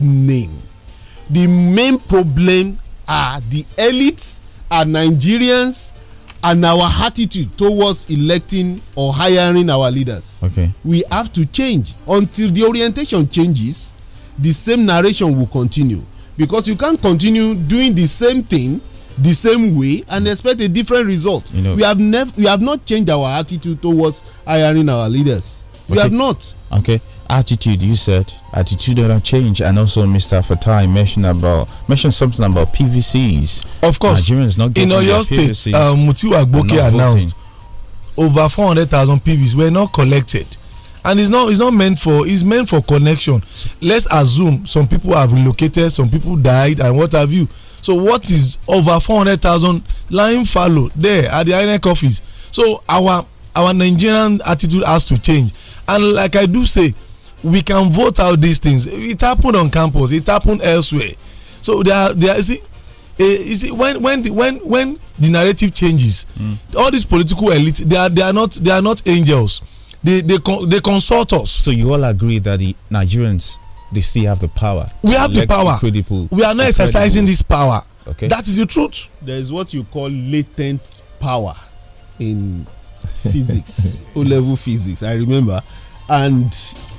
name. The main problem are the elites, are Nigerians, and our attitude towards electing or hiring our leaders. Okay. We have to change. Until the orientation changes, the same narration will continue. Because you can't continue doing the same thing the same way and expect a different result. You know, we have never we have not changed our attitude towards hiring our leaders. Okay. We have not. Okay attitude you said attitudinal change and also mr fatai mentioned about mentioned something about pvcs of course nigerians not getting in your state uh, mutiu announced over 400000 pvs were not collected and it's not it's not meant for it's meant for connection let's assume some people have relocated some people died and what have you so what is over 400000 lying fallow there at the inec office so our our nigerian attitude has to change and like i do say we can vote out these things it happened on campus it happened elsewhere so there are there is it is it when when the when when the narrative changes mm. all these political elites they are they are not they are not angels they they they consult us. so you all agree that the nigerians they still have the power. we have the power we are not exercising this power. okay that is the truth. there is what you call latent power in physics o level physics i remember and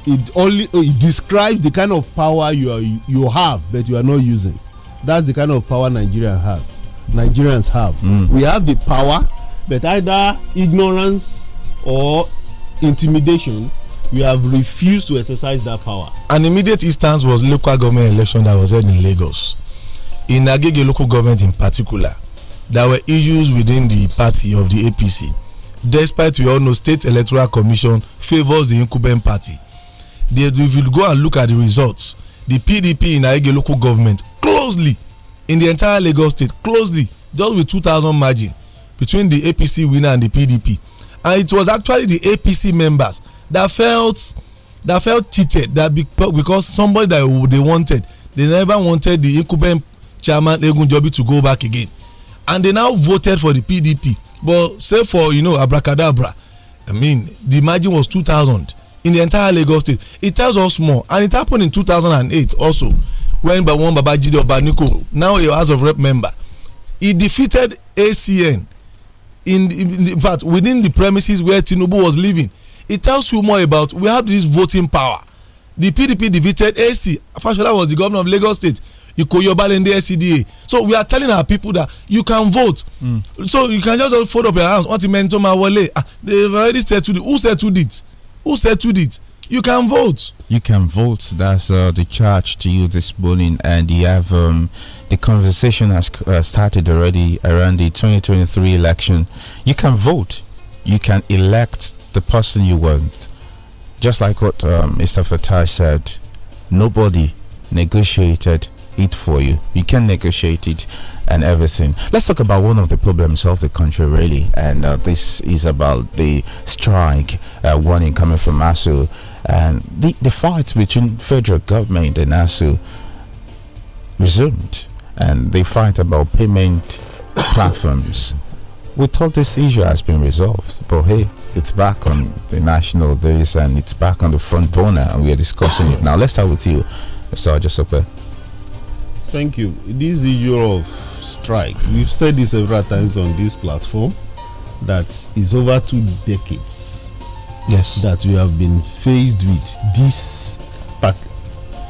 it only it describes the kind of power you are you have but you are not using that's the kind of power nigeria has nigerians have mm. we have the power but either ignorance or intimidation we have refused to exercise that power. an immediate instance was local government election that was held in lagos in agege local government in particular there were issues within the party of the apc despite we all know state electoral commission favours the incumbent party they, if you go and look at the results, the PDP in Aige local government closely in the entire Lagos state closely just with 2,000 margin between the APC winner and the PDP. And it was actually the APC members that felt that felt cheated that because somebody that they wanted they never wanted the incumbent chairman Egun Jobi to go back again and they now voted for the PDP but say for you know abracadabra I mean the margin was 2,000 in the entire Lagos state. It tells us more, and it happened in 2008 also when by one Babajide Obaniko, now a House of Rep member, he defeated ACN in, in, in fact within the premises where Tinubu was living. It tells you more about we have this voting power. The PDP defeated AC. Fashola was the governor of Lagos State. Ikoyi the SCDA. So we are telling our people that you can vote. Mm. So you can just fold up your hands. Wọ́n ti mẹ́ntọ́ máa wọlé. Ah, They've already said to the Who said to it? who settled it? You can vote. You can vote. That's uh, the charge to you this morning, and you have um, the conversation has uh, started already around the 2023 election. You can vote. You can elect the person you want. Just like what um, Mr. Fatah said, nobody negotiated it for you. You can negotiate it and everything. Let's talk about one of the problems of the country, really. And uh, this is about the strike uh, warning coming from ASU and the, the fights between federal government and ASU resumed. And they fight about payment platforms. We thought this issue has been resolved, but hey, it's back on the national days and it's back on the front burner, and we are discussing it now. Let's start with you, Mr. Ajosope. Thank you. This issue of strike, we've said this several times on this platform that is over two decades. Yes. That we have been faced with this pack.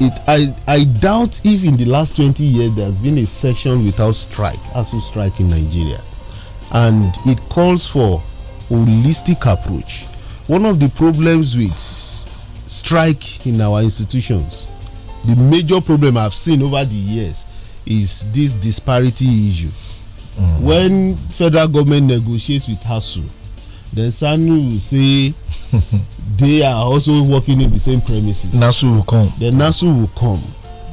It, I, I doubt if in the last 20 years there's been a session without strike, ASU strike in Nigeria. And it calls for holistic approach. One of the problems with strike in our institutions the major problem I've seen over the years is this disparity issue. Mm. When federal government negotiates with HASU, then SANU will say they are also working in the same premises. NASU will come. Then NASU will come.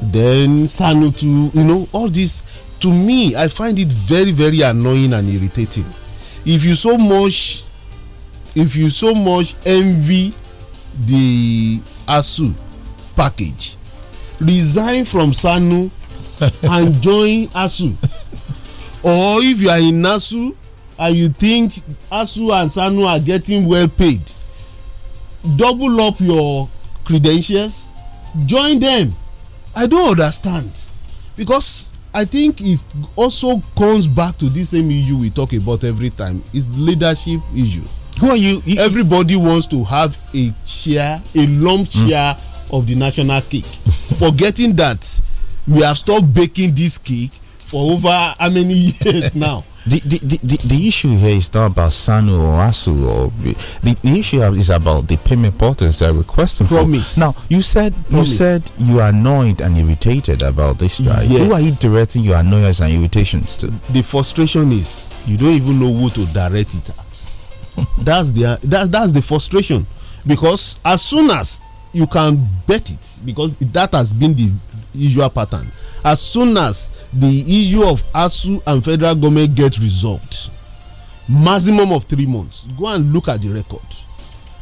Then SANU to you know all this to me I find it very very annoying and irritating. If you so much if you so much envy the ASU package resign from sanu and join asu or if you are in asu and you think asu and sanu are getting well paid double up your credentials join them i don't understand because i think it also comes back to this same issue we talk about every time it's leadership issue who are you everybody wants to have a chair a lump hmm. chair mm. of the national cake forgetting that we have stopped baking this cake for over how many years now. The, the, the, the, issue here is not about Sanu or ASU or the, the issue is about the payment portals they're requesting Promise. For. Now you said Promise. you said you are annoyed and irritated about this guy. Yes. Who are you directing your annoyance and irritations to? The frustration is you don't even know who to direct it at. that's the that, that's the frustration because as soon as you can bet it because that has been the usual pattern. As soon as the issue of ASU and federal government get resolved, maximum of three months, go and look at the record.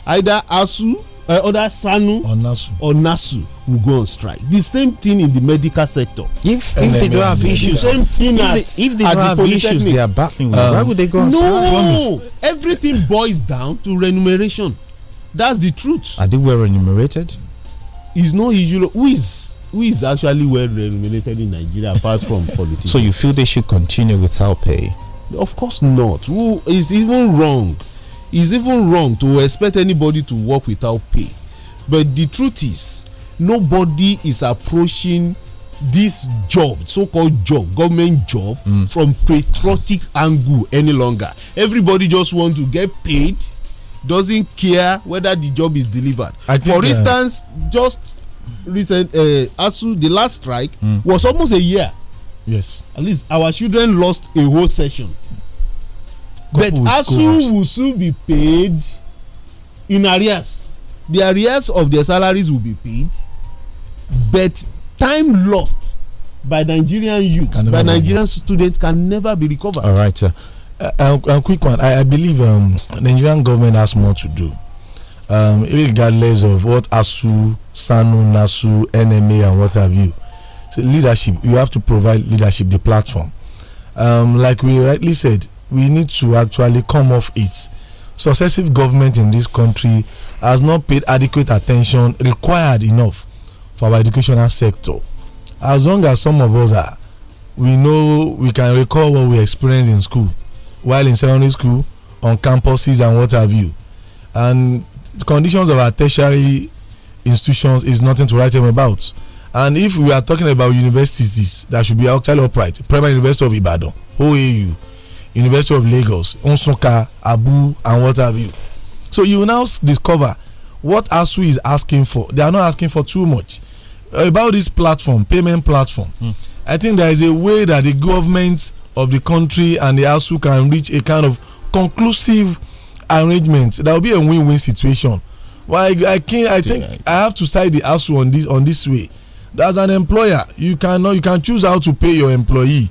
Either ASU, uh, eh, other SANU, or NASU. or NASU will go on strike. The same thing in the medical sector. If if they, don't have issues, the same thing if at, they, if they don't the have issues, they are battling. Um, why would they go on no, strike? No, everything boils down to remuneration that's the truth. Are they well remunerated? Is no usual. Who is who is actually well remunerated in Nigeria apart from politics? So you feel they should continue without pay? Of course not. Who is even wrong? Is even wrong to expect anybody to work without pay. But the truth is, nobody is approaching this job so-called job government job mm. from patriotic angle any longer everybody just want to get paid doesn't care whether the job is delivered. Think, For uh, instance, uh, just recent uh, ASU, the last strike mm. was almost a year. Yes. At least our children lost a whole session. Couple but ASU will soon be paid in arrears. The arrears of their salaries will be paid, but time lost by Nigerian youth, by Nigerian students can never be recovered. All right, sir a, uh, uh, a, quick one. I, I believe um, the Nigerian government has more to do. Um, regardless of what ASU, SANU, NASU, NMA, and what have you. So leadership, you have to provide leadership, the platform. Um, like we rightly said, we need to actually come off it. Successive government in this country has not paid adequate attention required enough for our educational sector. As long as some of us are, we know we can recall what we experienced in school while in secondary school, on campuses and what have you. And the conditions of our tertiary institutions is nothing to write home about. And if we are talking about universities that should be actually upright, Primary University of Ibadan, OAU, University of Lagos, Onsoka, Abu, and what have you. So you now discover what ASU is asking for. They are not asking for too much. About this platform, payment platform, mm. I think there is a way that the government of the country and the ASU can reach a kind of conclusive arrangement. That will be a win-win situation. Well, I, I can't. I think I have to side the ASU on this on this way. As an employer, you cannot you can choose how to pay your employee,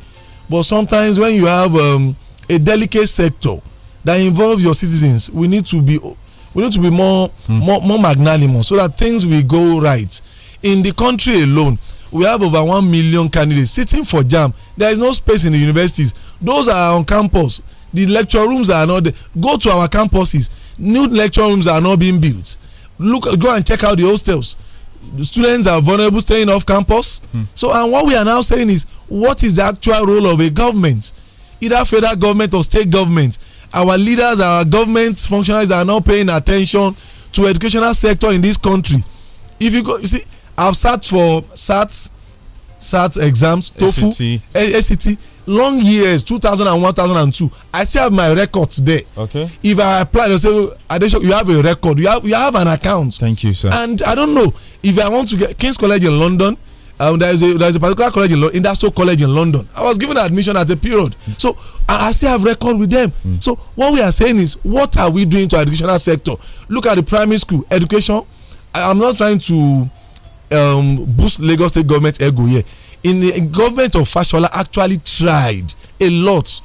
but sometimes when you have um, a delicate sector that involves your citizens, we need to be we need to be more mm. more, more magnanimous so that things will go right. In the country alone, we have over one million candidates sitting for JAM. There is no space in the universities. Those are on campus. The lecture rooms are not there. Go to our campuses. New lecture rooms are not being built. Look, go and check out the hostels. The students are vulnerable staying off campus. Mm. So, and what we are now saying is, what is the actual role of a government, either federal government or state government? Our leaders, our government functionaries are not paying attention to educational sector in this country. If you go, you see, I've sat for SAT, SAT exams, TOEFL, ACT, long years, 2001, 2002. I still have my records there. Okay. If I apply, they say, oh, Adesho, you have a record. You have, you have an account. Thank you, sir. And I don't know if I want to get King's College in London. Um, there is a there is a particular college in London, industrial college in London. I was given admission at a period, mm. so I, I still have record with them. Mm. So what we are saying is, what are we doing to educational sector? Look at the primary school education. I, I'm not trying to um, boost Lagos state government ego here. In the government of Fashola actually tried a lot.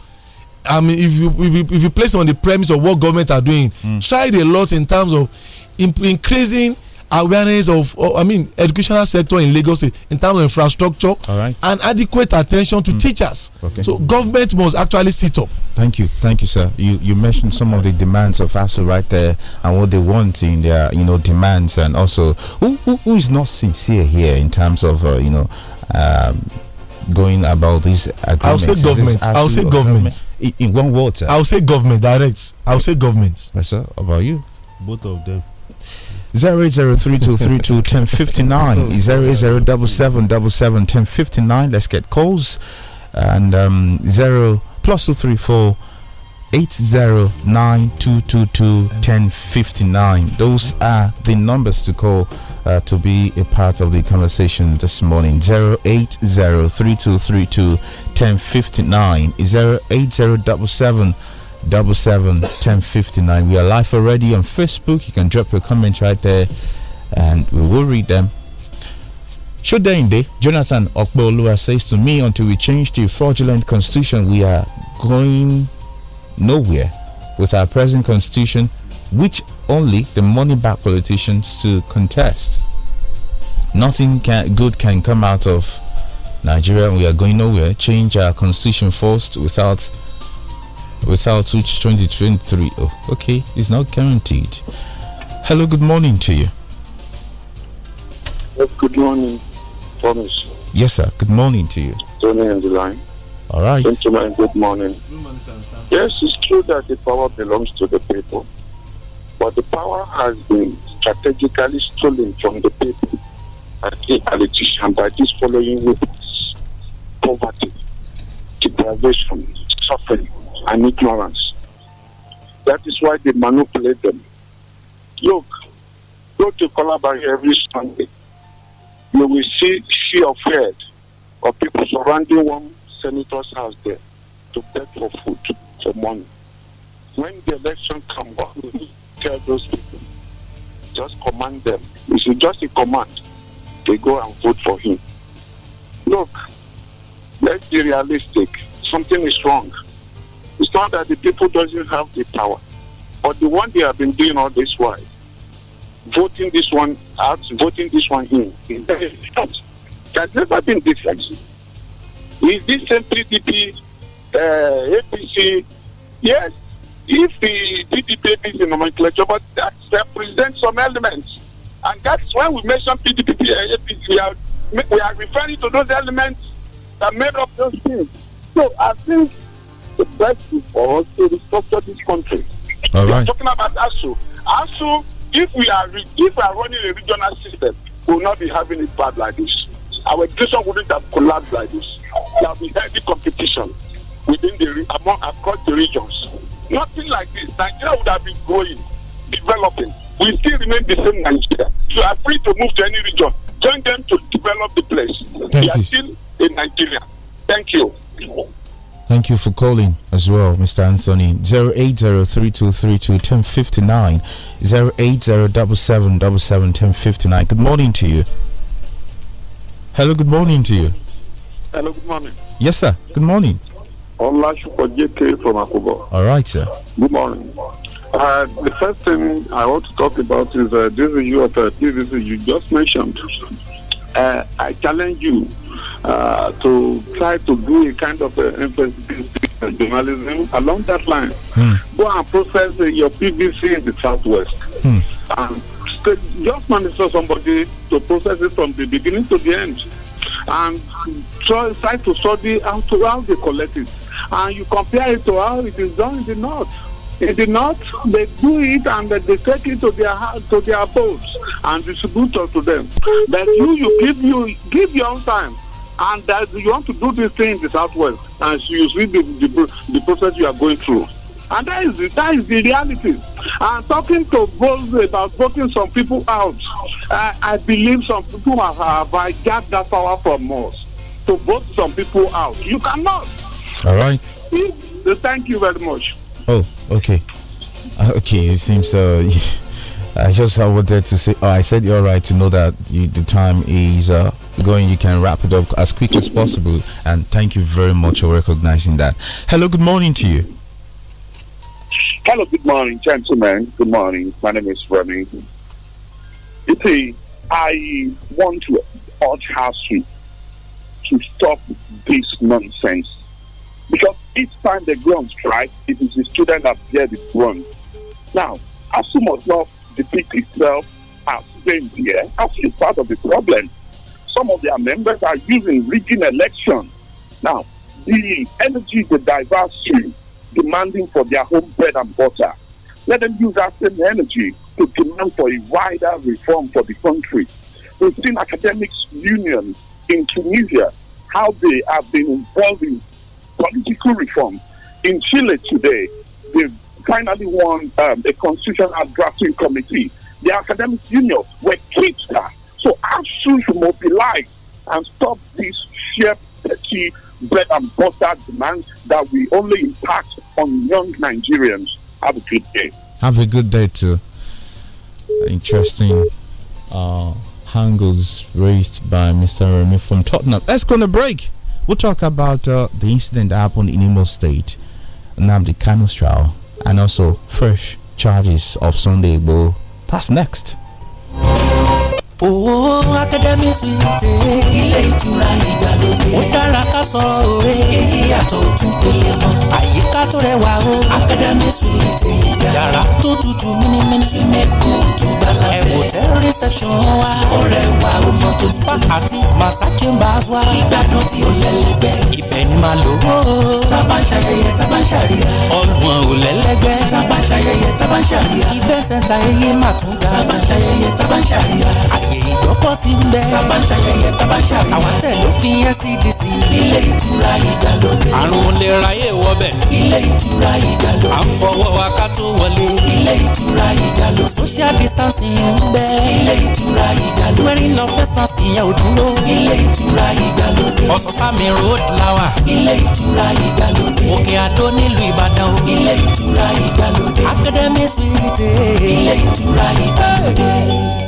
I mean, if you if you, if you place on the premise of what government are doing, mm. tried a lot in terms of increasing awareness of uh, i mean educational sector in lagos in terms of infrastructure right. and adequate attention to mm. teachers okay. so government must actually sit up thank you thank you sir you you mentioned some of the demands of ASU right there and what they want in their you know demands and also who who, who is not sincere here in terms of uh, you know um, going about these agreements? I'll say government. I'll say government. In, in, one word, sir. I'll say government direct. I'll say government. Yes, sir. About you? Both of them zero eight zero three two three two ten fifty nine zero eight zero double seven double seven ten fifty nine. Let's get calls and um, zero plus two three four eight zero nine two two two ten fifty nine. Those are the numbers to call uh, to be a part of the conversation this morning. Zero eight zero three two three two ten fifty nine zero eight zero double seven double seven ten fifty nine. We are live already on Facebook. You can drop your comments right there, and we will read them. Should Shodainde Jonathan Okbeolua says to me, until we change the fraudulent constitution, we are going nowhere with our present constitution, which only the money-back politicians to contest. Nothing can, good can come out of Nigeria. We are going nowhere. Change our constitution first without without which 2023 oh okay it's not guaranteed hello good morning to you good morning Thomas yes sir good morning to you Tony on the line all right gentlemen good morning yes it's true that the power belongs to the people but the power has been strategically stolen from the people and the politician by these following weapons poverty deprivation suffering and ignorance. That is why they manipulate them. Look, go to Calabari every Sunday. You will see she of head of people surrounding one senator's house there to beg for food, for money. When the election comes, what will you tell those people? Just command them. It's just a command. They go and vote for him. Look, let's be realistic. Something is wrong. It's not that the people doesn't have the power, but the one they have been doing all this while, voting this one out, voting this one in, has There's never been this like Is this same PDP, uh, APC? Yes, if the PDP is in nomenclature, but that represents some elements. And that's why we mentioned PDP, uh, APC. We are, we are referring to those elements that made up those things. So I think the best for us to restructure this country. All right. We're talking about ASU. ASU, if we are if we are running a regional system, we will not be having a bad like this. Our education wouldn't have collapsed like this. There will be healthy competition within the among across the regions. Nothing like this. Nigeria would have been growing, developing. We still remain the same Nigeria. You are free to move to any region. Join them to develop the place. Thank we are still in Nigeria. Thank you. Thank you for calling as well, Mr. Anthony. 08032321059, 08077771059. Good morning to you. Hello, good morning to you. Hello, good morning. Yes, sir. Good morning. JK from Akubo. All right, sir. Good morning. Uh, the first thing I want to talk about is uh, this is your uh, this is you just mentioned. Uh, I challenge you uh, to try to do a kind of uh, journalism along that line. Mm. Go and process uh, your PVC in the southwest. Mm. And just manage somebody to process it from the beginning to the end. And try, try to study how, to, how they collect it. And you compare it to how it is done in the north in the north they do it and they take it to their to their boats and distribute it to them but you you give you give your own time and that you want to do this thing in the southwest and you see the, the, the process you are going through and that is the, that is the reality and talking to about voting some people out I, I believe some people have, have hijacked that power from us to vote some people out you cannot all right eh, thank you very much oh okay uh, okay it seems uh I just wanted to say, oh, I said you're right to know that you, the time is uh, going, you can wrap it up as quick as possible. And thank you very much for recognizing that. Hello, good morning to you. Hello, good morning, gentlemen. Good morning. My name is Remy. You see, I want to urge House to, to stop this nonsense. Because each time the go on strike, it is the student that bear the brunt. Now, ASU must not depict itself as being here ASU is part of the problem some of their members are using rigging elections. Now, the energy, the team demanding for their home bread and butter, let them use that same energy to demand for a wider reform for the country. We've seen academics unions in Tunisia, how they have been involved in political reform. In Chile today, they've finally won um, a constitutional drafting committee. The academic unions were kicked out so ASU should mobilize and stop this sheer petty bread and butter demand that we only impact on young Nigerians. Have a good day. Have a good day too. Interesting uh, angles raised by Mr. Remy from Tottenham. Let's go on a break. We'll talk about uh, the incident that happened in Imo State, Namdi Kano's trial, and also fresh charges of Sunday Igbo. That's next. Owó Akademi Suite. Ilé ìtura ìgbàlódé. Ó dára ká sọ òwe. Èyí yàtọ̀ ojú pele mọ́. Àyíká tó rẹwà o. Akademi Suite ìgbà. Yàrá tó tutù mímímí. Súnmẹ́kù tó gbala fẹ́. Ẹ̀wòtẹ́ reception wa. Ó rẹwà o mọ tó ti tó. Àti Massa Chambers wa. Ìgbádùn tí ó lẹ́lẹ́gbẹ́. Ibẹ̀ ni màá lò ó. Tábà ń ṣayẹyẹ, tábà ń ṣàríyá. Ọgbọ̀n ò lẹ́lẹ́gbẹ́. Tábà ń ṣayẹyẹ, tábà ń ṣàríyá. Ìfẹsẹ̀ta ẹyẹ ààyè ìgbọ́kọ̀ sí ń bẹ. tá a bá ń ṣayẹyẹ tá a bá ń ṣàríyá. àwọn tẹ̀ ló fi NCDC. E ilé ìtura ìdàlódé. àrùn olè ráyè wọbẹ̀. ilé ìtura ìdàlódé. à ń fọwọ́ wa ká tó wọlé. ilé ìtura ìdàlódé. social distancing ń bẹ. ilé ìtura ìdàlódé. wearing no face mask ìyẹn ò dúró. ilé ìtura ìdàlódé. ọ̀sán-sámi road lawa. ilé ìtura ìdàlódé. òkè àdó nílùú ìbàdàn. ilé ìtura ìdàlódé. academy suite. ilé ìtura ìdàlódé.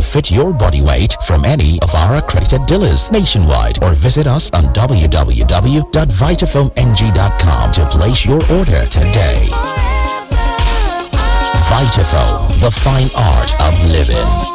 to fit your body weight from any of our accredited dealers nationwide or visit us on www.vitafilmng.com to place your order today. Vitafilm, the fine art of living.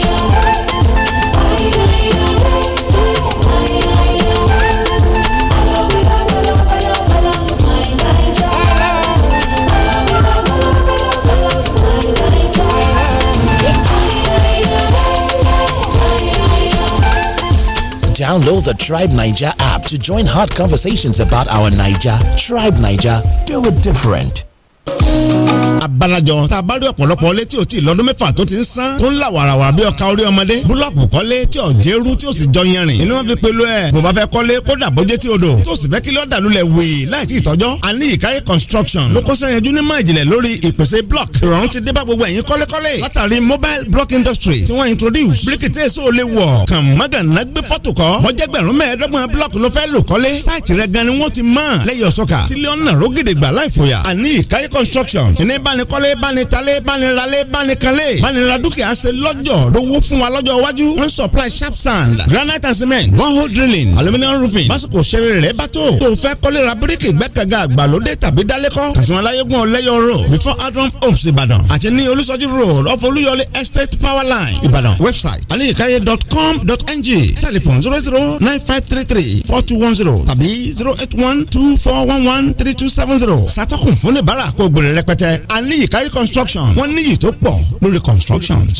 Download the Tribe Niger app to join hot conversations about our Niger. Tribe Niger, do it different. abalajọ tá a bá rí ọ̀pọ̀lọpọ̀ ilé tí o ti lọ́dún mẹ́fà tó ti ń san tó ń la wàràwàrà bí ọ̀ka orí ọmọdé búlọ́ọ̀kù kọ́lé tí ò jẹ́rú tí ò sì jọ yanrìn inú wọn fi pelu ẹ̀ bó bá fẹ́ kọ́lé kódà bójé tí o dò tó sì fẹ́ kí lọ́ọ̀dà lulẹ̀ wèé láì tí ì tọ́jọ́ ìkáyé construction ló kó sẹ́yìn ojú ní mọ́ ìjìnlẹ̀ lórí ìpèsè block ìrọ̀rùn ti dé bá gbogbo ẹ̀yin construction ní bánikọ́lé bánitalé bániralé bánikanlé bánira dúkìá ṣe lọ́jọ́ lówó fún wa lọ́jọ́ iwájú one supply sharp sand granite and cement one hole drilling aluminium roofing básìkò ṣeré rẹ̀ bá tó tó fẹ́ kọ́lé ra bíríkì gbẹ́kẹ̀gà àgbàlódé tàbí dálékọ́ kàṣùmọ̀láyégún ọ̀lẹ́yọ̀ before adron homes Ìbàdàn àti ní olùsọ́jú road of olúyọlé estate power line Ìbàdàn website dot dot com ng telephone zero zero nine five three three four two one zero tàbí zero eight one two four one one three two seven zero sàtọ́kùn fún ní bàrà kó gbèrè rẹpẹtẹ bẹ́ẹ̀ a ní Ìkáyí construction wọ́n níyì tó pọ̀ lórí constructions.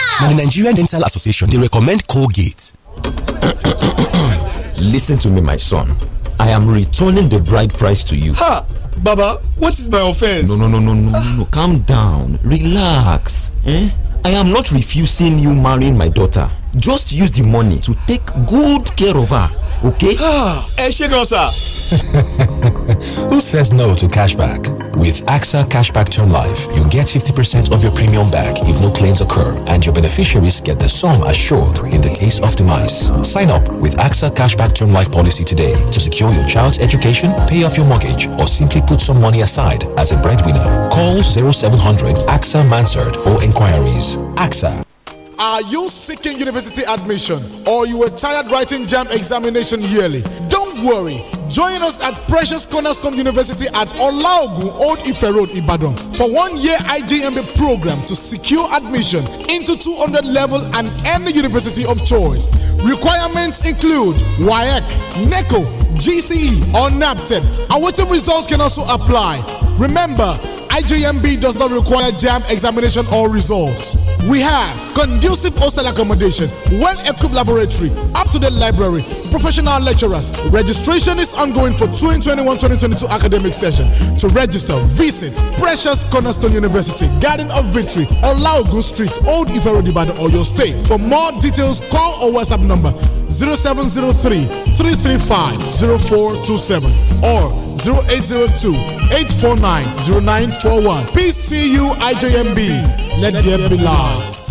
Now, the Nigerian Dental Association, they recommend Colgate. Listen to me, my son. I am returning the bride price to you. Ha! Baba, what is my offense? No, no, no, no, no, no. Calm down. Relax. Eh? I am not refusing you marrying my daughter. Just use the money to take good care of her okay? ẹ ṣe gan sa. Who says no to cashback? With AXA Cashback Term Life, you get 50% of your premium back if no claims occur, and your beneficiaries get the sum assured in the case of demise. Sign up with AXA Cashback Term Life policy today to secure your child's education, pay off your mortgage, or simply put some money aside as a breadwinner. Call 0700 AXA Mansard for inquiries. AXA. Are you seeking university admission or you were tired writing jam examination yearly? Don't worry. Join us at Precious Cornerstone University at Olaogu Old Ife Road, Ibadan for one year IGMB program to secure admission into 200 level and any university of choice. Requirements include WAEC, NECO, GCE or NAPTEP. Awaiting results can also apply. Remember, IJMB does not require JAM examination or results. We have conducive hostel accommodation, well-equipped laboratory, up-to-date library, professional lecturers, registered Registration is ongoing for 2021-2022 academic session. To register, visit Precious Cornerstone University, Garden of Victory, Olaogun Street, Old Ife Road, Ibadan, Oyo State. For more details, call or WhatsApp number 0703 335 0427 or 0802 849 0941. PCU IJMB. Let there be light.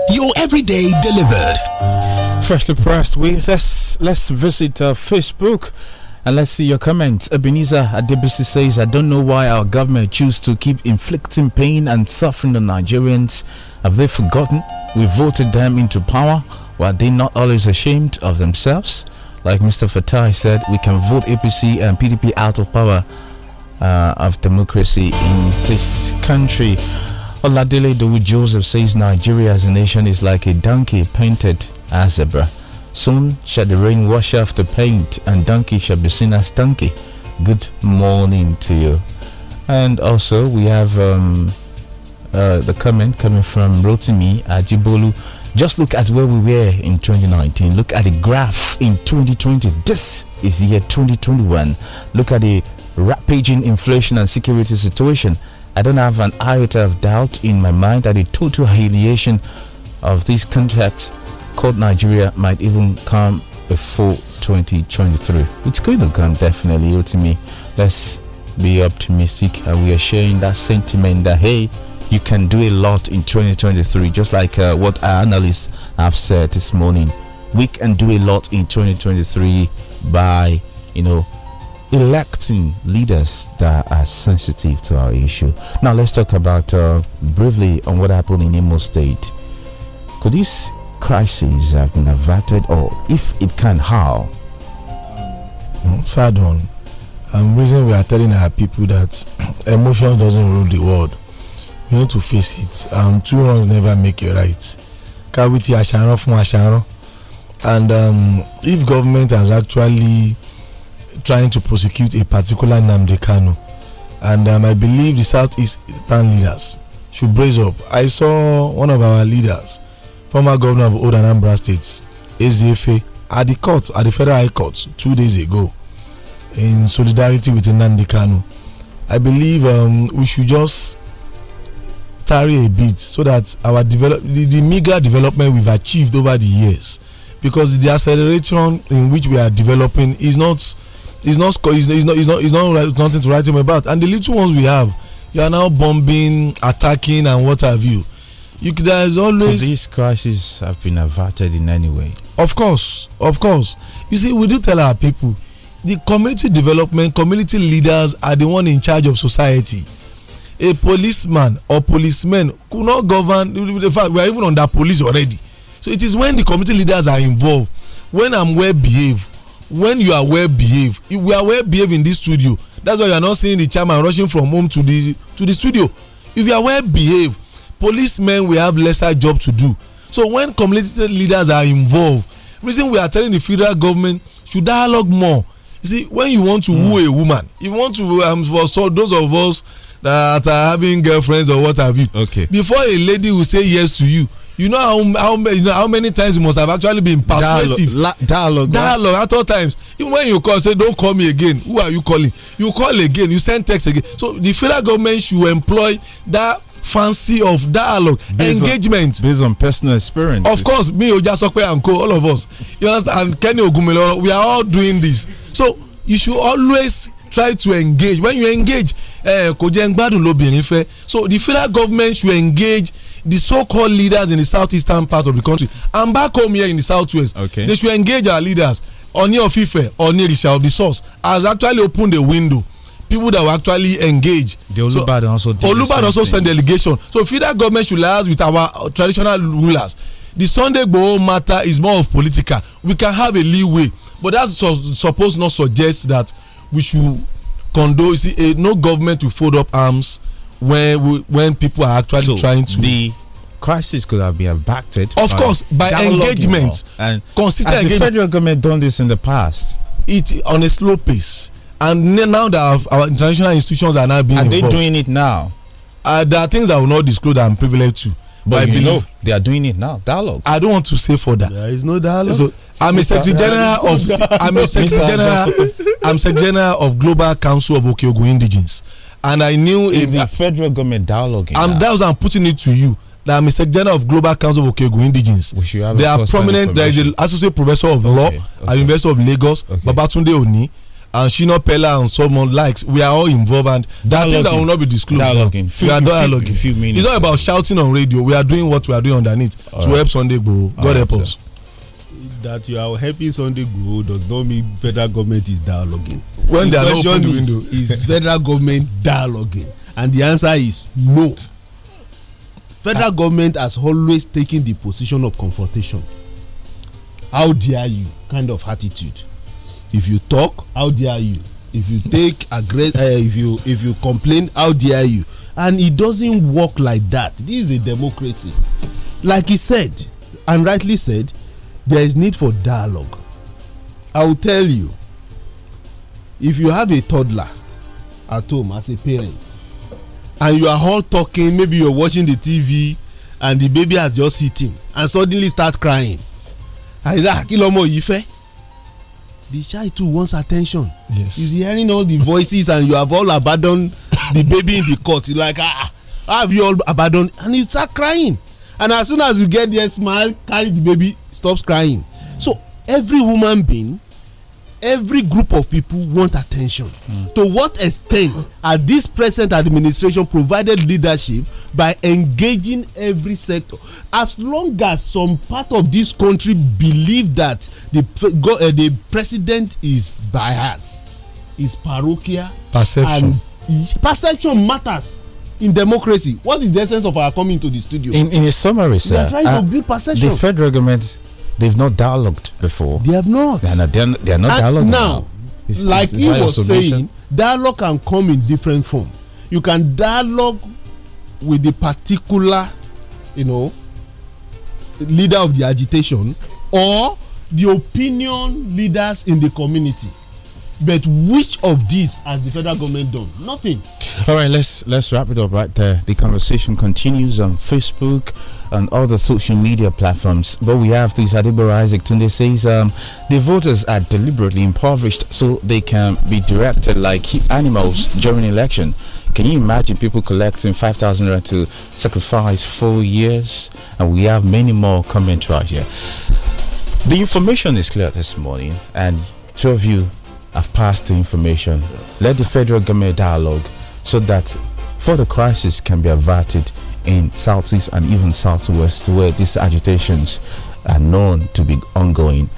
your everyday delivered. Freshly pressed, we let's let's visit uh, Facebook. And let's see your comments. Ebenezer Adebisi says, I don't know why our government choose to keep inflicting pain and suffering on Nigerians. Have they forgotten we voted them into power? Were they not always ashamed of themselves? Like Mr. Fatai said, we can vote APC and PDP out of power uh, of democracy in this country. Oladile Dowu Joseph says Nigeria as a nation is like a donkey painted as zebra. Soon shall the rain wash off the paint and donkey shall be seen as donkey. Good morning to you. And also we have um, uh, the comment coming from Rotimi Ajibolu. Just look at where we were in 2019. Look at the graph in 2020. This is year 2021. Look at the rampaging inflation and security situation I don't have an iota of doubt in my mind that the total humiliation of this contract called Nigeria might even come before 2023. It's going to come definitely, to me. Let's be optimistic and we are sharing that sentiment that hey, you can do a lot in 2023, just like uh, what our analysts have said this morning. We can do a lot in 2023 by, you know, electing leaders that are sensitive to our issue. Now, let's talk about uh, briefly on what happened in Imo State. Could this crisis have been averted, or if it can, how? Hmm, sad one. And um, reason we are telling our people that emotion doesn't rule the world. We need to face it. Um, two wrongs never make a right. Kawiti Asharon from Asharon. And um, if government has actually trying to prosecute a particular Namde Kano. And um, I believe the Southeastern leaders should brace up. I saw one of our leaders, former governor of Old Anambra State, AZFA, at the court, at the Federal High Court, two days ago, in solidarity with Namde Kano. I believe um, we should just tarry a bit so that our develop the, the meager development we've achieved over the years, because the acceleration in which we are developing is not it's not it's, not it's not it's not right, nothing to write him about and the little ones we have you are now bombing attacking and what have you you as always these crises have been averted in any way of course of course you see we do tell our people the community development community leaders are the one in charge of society a policeman or policemen could not govern the fact we are even under police already so it is when the community leaders are involved when i'm well behaved when you are well behaved if we are well behaved in this studio that's why you are not seeing the chairman rushing from home to the to the studio if you are well behaved policemen will have lesser job to do so when community leaders are involved reason we are telling the federal government should dialogue more you see when you want to mm. woo a woman you want to um, for so those of us that are having girlfriends or what have you okay before a lady will say yes to you you know how how, you know how many times you must have actually been persuasive. dialogue dialogue, dialogue at all times even when you call say don't call me again who are you calling you call again you send text again so the federal government should employ that fancy of dialogue based engagement. On, based on personal experience. of course me ojasope and co all of us you understand and kenny ogunmiloro we are all doing this so you should always try to engage when you engage eh, kò so the federal government should engage the so-called leaders in the southeastern part of the country and back home here in the southwest. Okay. They should engage our leaders. Oni of or near the of the source has actually opened the window. People that were actually engaged. The Olubad so, also did Olubad also sent delegation. So federal government should liaise with our traditional rulers. The Sunday Bowl matter is more of political. We can have a leeway, but that's so, supposed not suggest that we should condone. See, a, eh, no government will fold up arms when we, when people are actually so trying to the crisis could have been abated of course by engagement and consistent engagement. the federal government done this in the past it on a slow pace and now that our, our international institutions are now being are involved, they doing it now uh, there are things i will not disclose that i'm privileged to but, but believe, know they are doing it now dialogue i don't want to say for that there is no dialogue so, i'm a secretary general of i'm a secretary general i'm secretary general of global council of okeogun indigenes and I knew is the federal government dialogue. And that was I'm putting it to you that I'm a secretary of Global Council of Okegu Indigens. They are prominent. There is an associate professor of okay, law okay. at University of Lagos, okay. Babatunde Oni, and Shino Pella and someone likes. We are all involved, and there are things that will not be disclosed. Few, we are dialoguing. Few, minutes, it's not about uh, shouting on radio. We are doing what we are doing underneath all to right. help Sunday God help us. Sir that you are helping Sunday good, does not mean federal government is dialoguing. When the question is, the is federal government dialoguing? And the answer is no. Federal uh, government has always taken the position of confrontation. How dare you? Kind of attitude. If you talk, how dare you? If you take aggress, uh, if you if you complain, how dare you? And it doesn't work like that. This is a democracy. Like he said, and rightly said, there is need for dialogue i will tell you if you have a toddler at home as a parent and you are all talking maybe you are watching the tv and the baby has just sitting and suddenly start crying I like kilomo ife. the child too wants attention yes he's hearing all the voices and you have all abandoned the baby in the cot like ah, ah, ah have you all abandoned and he start crying and as soon as you get there smile carry the baby stops crying so every human being every group of people want attention mm. to what extent has this present administration provided leadership by engaging every sector as long as some part of this country believe that the go, uh, the president is biased is parochial perception and perception matters in democracy what is the essence of our coming to the studio. in in a summary sir they are trying uh, to build perception. the federal government they've not dialogued before. they have not. they are not, they are they are not now. now. It's, like you were he was saying dialogue can come in different form you can dialogue with the particular you know leader of the agitation or the opinion leaders in the community but which of these has the federal government done? Nothing. All right, let's let's wrap it up right there. The conversation continues on Facebook and other social media platforms. But we have this Adibora Isaac Tunde says um, the voters are deliberately impoverished so they can be directed like animals during election. Can you imagine people collecting 5,000 rand to sacrifice four years? And we have many more coming right here. The information is clear this morning, and two of you have passed the information. Let the federal government dialogue so that further crisis can be averted in southeast and even southwest where these agitations are known to be ongoing.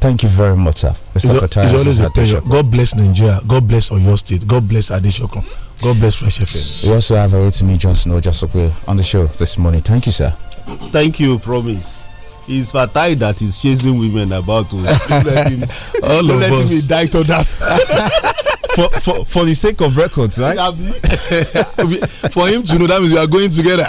Thank you very much, sir. Mr. It's, it's always a pleasure. God bless Nigeria. God bless Oyo State. God bless Adeshokon. God bless Fresh FM. We also have Aritimi Johnson Ojasokwe on the show this morning. Thank you, sir. Thank you. Promise it's Fatai that is chasing women about to let him all of let us. die to others. for, for, for the sake of records, right? for him to know, that means we are going together.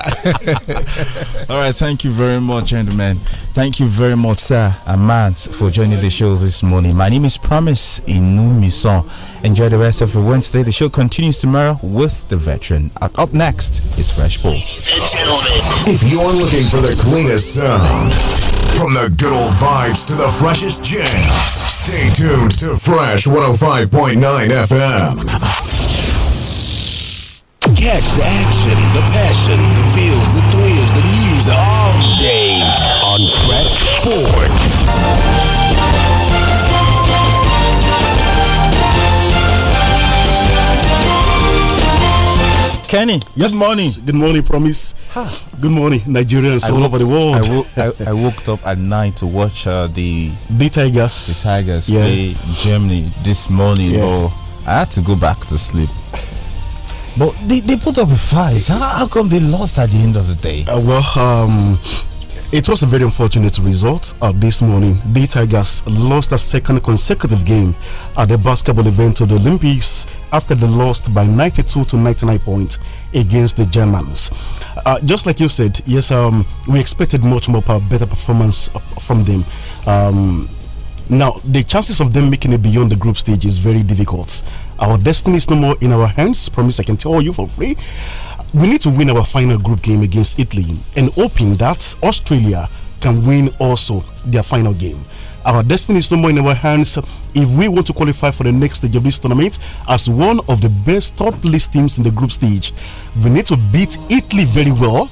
All right, thank you very much, gentlemen. Thank you very much, sir and man, for joining the show this morning. My name is Promise Inumison. Enjoy the rest of your Wednesday. The show continues tomorrow with the veteran. Up next is Fresh Balls. If you're looking for the cleanest sound, from the good old vibes to the freshest jams. Stay tuned to Fresh 105.9 FM. Catch the action, the passion, the feels, the thrills, the news all day on Fresh Sports. Kenny, yes. good morning. Good morning, promise. Good morning, Nigerians all over the world. I, woke, I, I woke up at nine to watch uh, the the Tigers. The Tigers yeah. play Germany this morning. Yeah. Oh, I had to go back to sleep. But they, they put up a fight. How, how come they lost at the end of the day? Uh, well, um, it was a very unfortunate result uh, this morning. The Tigers lost a second consecutive game at the basketball event of the Olympics after they lost by 92 to 99 points against the Germans. Uh, just like you said, yes, um, we expected much more better performance uh, from them. Um, now, the chances of them making it beyond the group stage is very difficult. Our destiny is no more in our hands, promise I can tell you for free we need to win our final group game against Italy and hoping that Australia can win also their final game. Our destiny is no more in our hands if we want to qualify for the next stage of this tournament as one of the best top list teams in the group stage. We need to beat Italy very well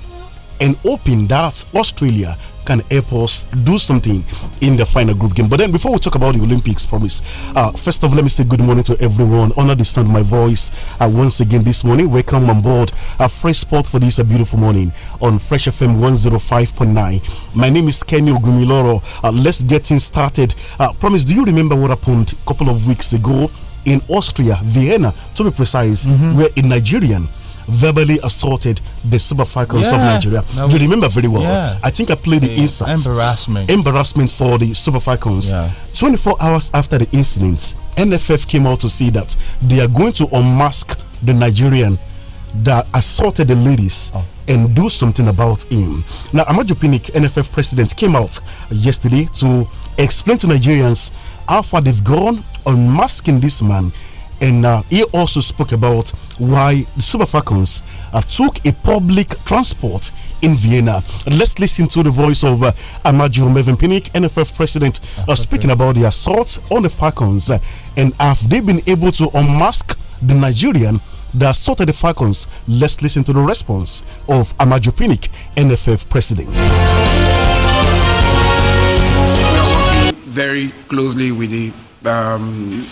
and hoping that Australia can help us do something in the final group game. But then before we talk about the Olympics, promise. Uh, first of all, let me say good morning to everyone. Honor the sound my voice uh, once again this morning. Welcome on board. A uh, fresh spot for this a beautiful morning on Fresh FM 105.9. My name is Kenny Ogumiloro. Uh, let's get things started. Uh, promise, do you remember what happened a couple of weeks ago in Austria, Vienna, to be precise, mm -hmm. where a Nigerian verbally assaulted the Super Falcons yeah, of Nigeria. Do you remember very well? Yeah. I think I played the, the Embarrassment. Embarrassment for the Super Falcons. Yeah. 24 hours after the incident, NFF came out to say that they are going to unmask the Nigerian that assaulted the ladies. Oh and do something about him. Now, Ahmad Jupinik, NFF president, came out yesterday to explain to Nigerians how far they've gone on masking this man and uh, he also spoke about why the Super Falcons uh, took a public transport in Vienna. Let's listen to the voice of uh, Amaju Pinnick, NFF president, uh, speaking about the assault on the Falcons uh, and have they been able to unmask the Nigerian that assaulted the Falcons. Let's listen to the response of Amaju Pinnick, NFF president. Very closely with the um,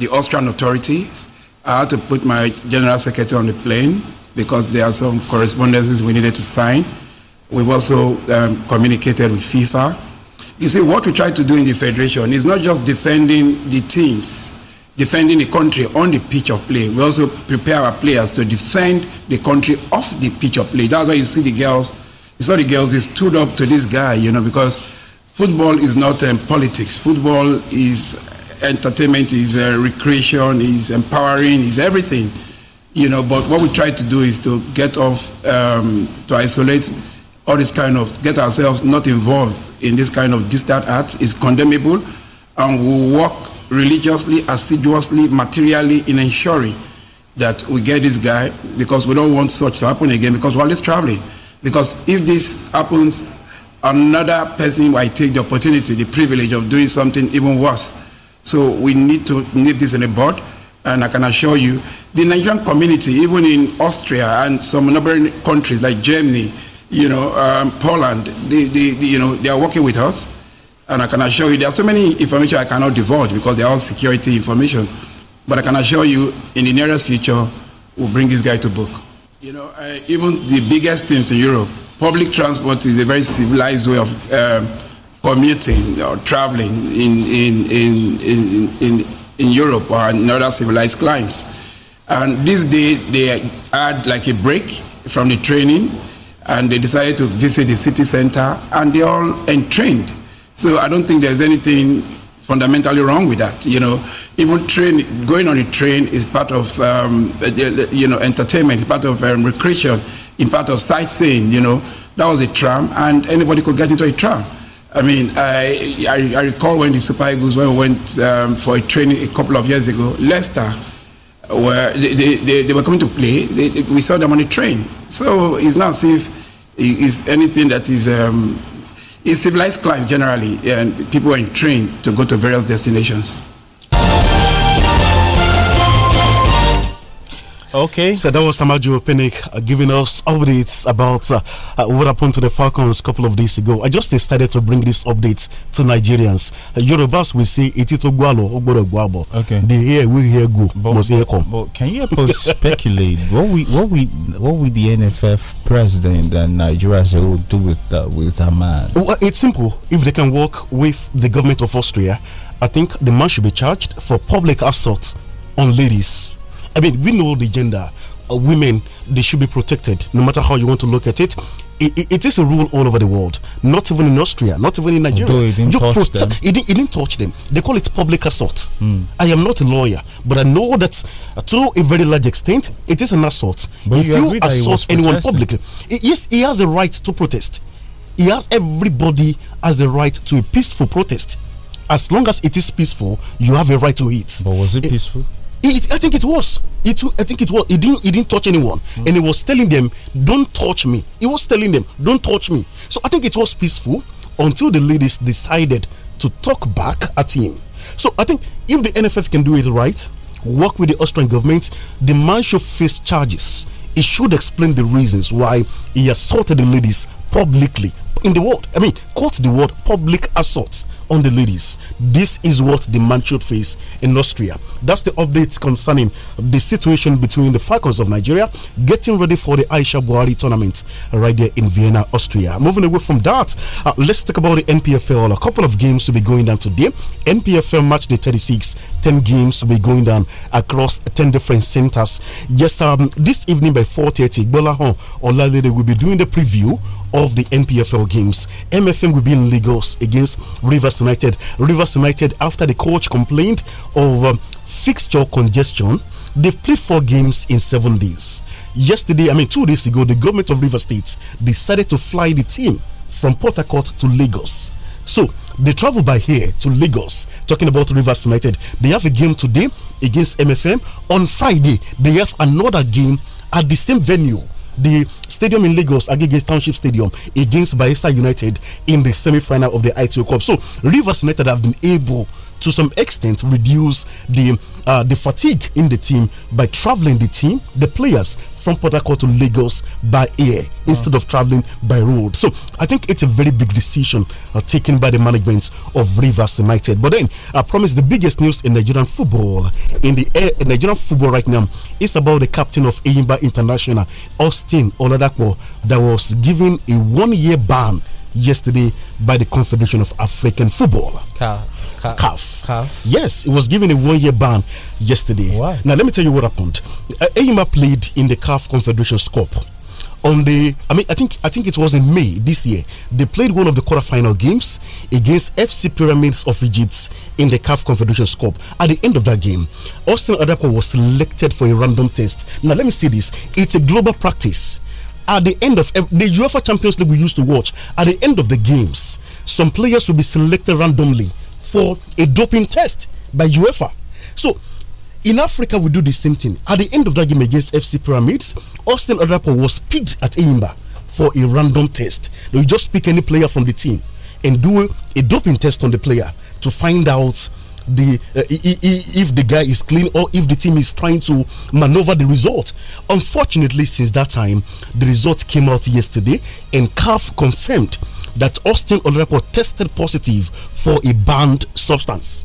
the Austrian authorities. I had to put my general secretary on the plane because there are some correspondences we needed to sign. We've also um, communicated with FIFA. You see, what we try to do in the federation is not just defending the teams, defending the country on the pitch of play. We also prepare our players to defend the country off the pitch of play. That's why you see the girls. You saw the girls. They stood up to this guy, you know, because football is not um, politics. Football is entertainment, is uh, recreation, is empowering, is everything. You know, but what we try to do is to get off, um, to isolate all this kind of, get ourselves not involved in this kind of distant act. is condemnable, and we we'll work religiously, assiduously, materially in ensuring that we get this guy because we don't want such to happen again because while he's traveling. Because if this happens, another person might take the opportunity, the privilege of doing something even worse. So we need to nip this in the bud. And I can assure you, the Nigerian community, even in Austria and some neighboring countries like Germany, you know, um, Poland, they, they, they, you know, they are working with us. And I can assure you, there are so many information I cannot divulge because they are all security information. But I can assure you, in the nearest future, we'll bring this guy to book. You know, uh, even the biggest teams in Europe, public transport is a very civilized way of um, commuting or traveling in, in, in, in, in, in Europe or in other civilized climes. And this day, they had like a break from the training and they decided to visit the city center and they all entrained. So I don't think there's anything fundamentally wrong with that. You know, even train going on a train is part of um, you know entertainment, part of um, recreation, in part of sightseeing. You know, that was a tram, and anybody could get into a tram. I mean, I, I, I, recall when the Super Eagles when we went um, for a training a couple of years ago, Leicester, where they, they, they, they were coming to play, they, we saw them on a the train. So it's not as if it's anything that is um, civilized climb generally, and people are trained to go to various destinations. Okay. So that was Samajo Penik uh, giving us updates about uh, uh, what happened to the Falcons a couple of days ago. I just decided to bring this update to Nigerians. Uh, Yorubas will say, Itito Gualo, Ogboro Guabo. Okay. they here we here go, but, must come. But can you help us speculate? What we, what we, what we the NFF president and Nigeria say will do with, uh, with Hamas? Well, uh, it's simple. If they can work with the government of Austria, I think the man should be charged for public assault on ladies. I mean, we know the gender. Uh, women, they should be protected, no matter how you want to look at it. It, it, it is a rule all over the world. Not even in Austria, not even in Nigeria. Although it didn't, you touch them. It, it, didn't touch them. They call it public assault. Mm. I am not a lawyer, but I know that uh, to a very large extent, it is an assault. But if you, you assault anyone publicly, yes, he has a right to protest. He has everybody has a right to a peaceful protest. As long as it is peaceful, you have a right to it. But was it eh, peaceful? It, I think it was. It, I think it was. He didn't. He didn't touch anyone, mm. and he was telling them, "Don't touch me." He was telling them, "Don't touch me." So I think it was peaceful until the ladies decided to talk back at him. So I think if the NFF can do it right, work with the Austrian government, the man should face charges. He should explain the reasons why he assaulted the ladies publicly in the world. I mean, quote the word public assault on the ladies. This is what the man should face in Austria. That's the update concerning the situation between the Falcons of Nigeria getting ready for the Aisha Buhari tournament right there in Vienna, Austria. Moving away from that, uh, let's talk about the NPFL. A couple of games to be going down today. NPFL match the 36 10 games will be going down across 10 different centers. Yes, um, this evening by 4.30, Bolahon they will be doing the preview of the NPFL games. MFM will be in Lagos against Rivers United. Rivers United, after the coach complained of um, fixture congestion, they've played four games in seven days. Yesterday, I mean, two days ago, the government of River State decided to fly the team from Port Harcourt to Lagos. So, they travel by here to Lagos. Talking about Rivers United, they have a game today against MFM. On Friday, they have another game at the same venue the stadium in Lagos, against Township Stadium, against Bayelsa United in the semi final of the ITO Cup. So, Rivers United have been able to some extent reduce the uh, the fatigue in the team by traveling the team, the players from Port Harcourt to Lagos by air wow. instead of traveling by road. So I think it's a very big decision uh, taken by the management of Rivers United. But then I promise the biggest news in Nigerian football in the air, in Nigerian football right now is about the captain of Eyimba International, Austin Oladapo, that was given a one-year ban yesterday by the Confederation of African Football calf. Calf. Yes, it was given a one-year ban yesterday. Why? Now let me tell you what happened. Uh, Eima played in the Calf Confederations Cup on the I mean I think I think it was in May this year they played one of the quarterfinal games against FC Pyramids of Egypt in the CAF Confederation Cup. At the end of that game, Austin Adapo was selected for a random test. Now let me see this. It's a global practice. At the end of the UEFA Champions League we used to watch, at the end of the games, some players will be selected randomly for a doping test by UEFA. So in Africa, we do the same thing. At the end of that game against FC Pyramids, Austin Odapo was picked at Eimba for a random test. They just pick any player from the team and do a, a doping test on the player to find out the uh, if the guy is clean or if the team is trying to maneuver the result. Unfortunately, since that time, the result came out yesterday, and CAF confirmed that Austin Olerepo tested positive for a banned substance.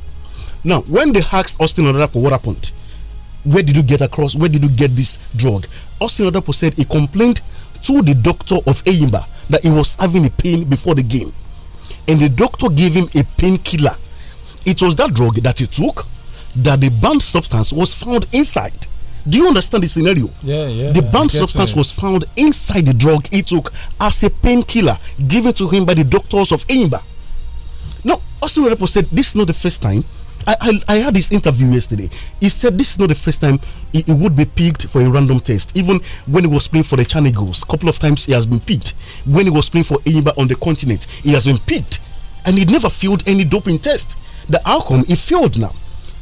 Now, when they asked Austin Olerepo what happened, where did you get across? Where did you get this drug? Austin Olerepo said he complained to the doctor of Eyimba that he was having a pain before the game, and the doctor gave him a painkiller. It was that drug that he took that the banned substance was found inside. Do you understand the scenario? Yeah, yeah. The banned substance it. was found inside the drug he took as a painkiller given to him by the doctors of Imba. Now, Austin Repo said this is not the first time. I, I, I, had this interview yesterday. He said this is not the first time he, he, would be picked for a random test. Even when he was playing for the Chani a couple of times he has been picked. When he was playing for Imba on the continent, he has been picked. And he never failed any doping test. The outcome, he failed now.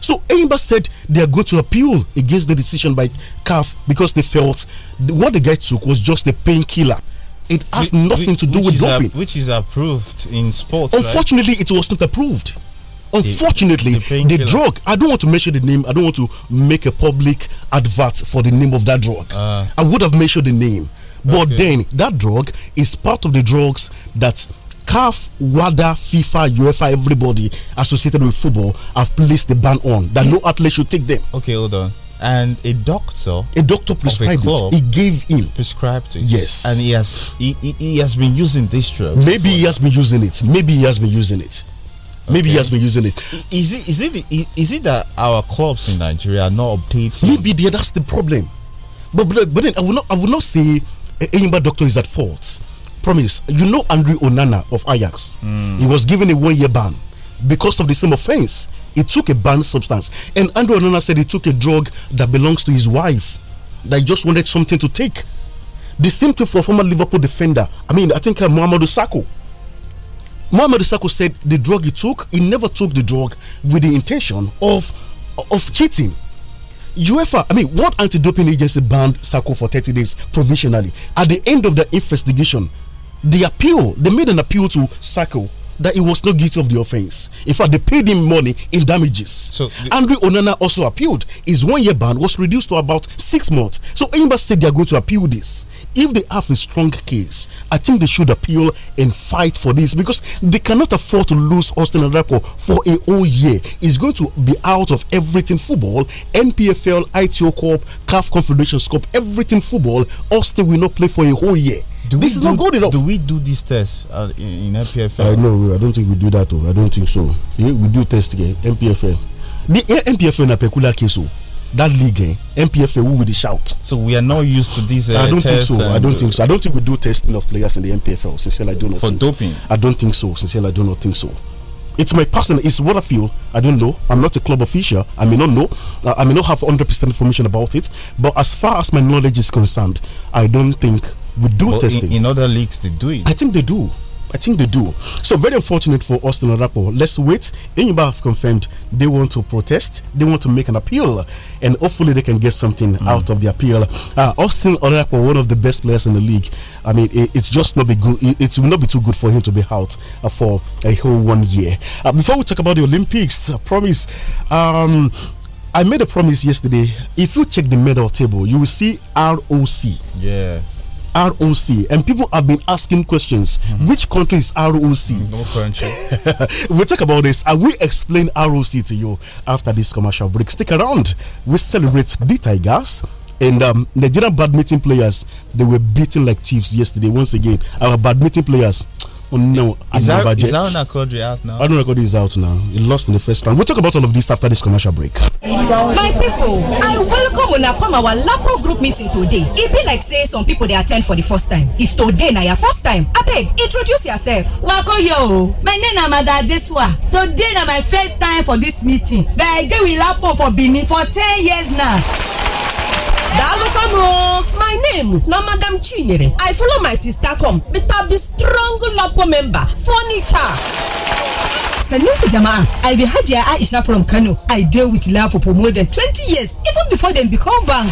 So Amber said they are going to appeal against the decision by CAF because they felt what the guy took was just a painkiller. It has nothing to do with doping. Which is approved in sports. Unfortunately, right? it was not approved. Unfortunately, the, the, the drug, I don't want to mention the name, I don't want to make a public advert for the name of that drug. Uh, I would have mentioned the name. But okay. then, that drug is part of the drugs that CAF, WADA, FIFA, UEFA, everybody associated with football have placed the ban on that no athlete should take them. Okay, hold on. And a doctor, a doctor prescribed a it. He gave him prescribed it. Yes, and he has he, he, he has been using this drug. Maybe he has been using it. Maybe he has been using it. Okay. Maybe he has been using it. Is it is it the, is it that our clubs in Nigeria are not updating? Maybe that's the problem. But, but but, then I will not I will not say any bad doctor is at fault promise. You know Andrew Onana of Ajax. Mm. He was given a one year ban because of the same offense. He took a banned substance. And Andrew Onana said he took a drug that belongs to his wife, that he just wanted something to take. The same thing for former Liverpool defender. I mean, I think uh, Sako. Muhammadu Sako said the drug he took, he never took the drug with the intention of of cheating. UEFA, I mean, what anti-doping agency banned Sako for 30 days provisionally? At the end of the investigation, the appeal, they made an appeal to Sako that he was not guilty of the offense. In fact, they paid him money in damages. So Andrew Onana also appealed. His one year ban was reduced to about six months. So Imba said they are going to appeal this. If they have a strong case, I think they should appeal and fight for this because they cannot afford to lose Austin Adapo for a whole year. He's going to be out of everything football, NPFL, ITO Corp, CAF Confederation Cup, everything football. Austin will not play for a whole year do this is do, not good enough. Do we do these tests uh, in, MPFL? I know. I don't think we do that. Though. I don't think so. We do tests again. MPFL. The MPFL in a peculiar case. Oh. that league eh, MPFA who will they shout so we are not used to these uh, I don't think so I don't think so I don't think we do testing of players in the MPFL sincerely I do not for think. doping I don't think so sincerely I do not think so it's my personal it's what I feel I don't know I'm not a club official I may not know I may not have 100% information about it but as far as my knowledge is concerned I don't think we do but testing. In, in, other leagues, they do it. I think they do. I think they do. So very unfortunate for Austin Orapo. Let's wait. Enyimba have confirmed they want to protest. They want to make an appeal, and hopefully they can get something mm. out of the appeal. Uh, Austin Orapo, one of the best players in the league. I mean, it, it's just not be good. It, it, will not be too good for him to be out uh, for a whole one year. Uh, before we talk about the Olympics, I promise. Um, I made a promise yesterday. If you check the medal table, you will see ROC. Yeah. ROC, and people have been asking questions. Mm Which country is ROC? Mm-hmm. No country. we'll talk about this. I will explain ROC to you after this commercial break. Stick around. We celebrate the Tigers. And um, Nigerian badminton players, they were beaten like thieves yesterday. Once again, our badminton players, Oh no, is that, is that on record out now? Adon record is out now. It lost in the first round. We'll talk about all of this after this commercial break. My people, I welcome I come our Lapo group meeting today. It be like say some people they attend for the first time. If today na your first time, beg introduce yourself. yo. my name is Mada Adesua. Today na my first time for this meeting. But I dey with Lapo for Benin for ten years now daalụkwanụ my name na madam chinyere i follow my sister come I be strong lopo member furniture sannan ku jama'a i be hajiya aisha from kano i deal with love for more than 20 years even before them become bank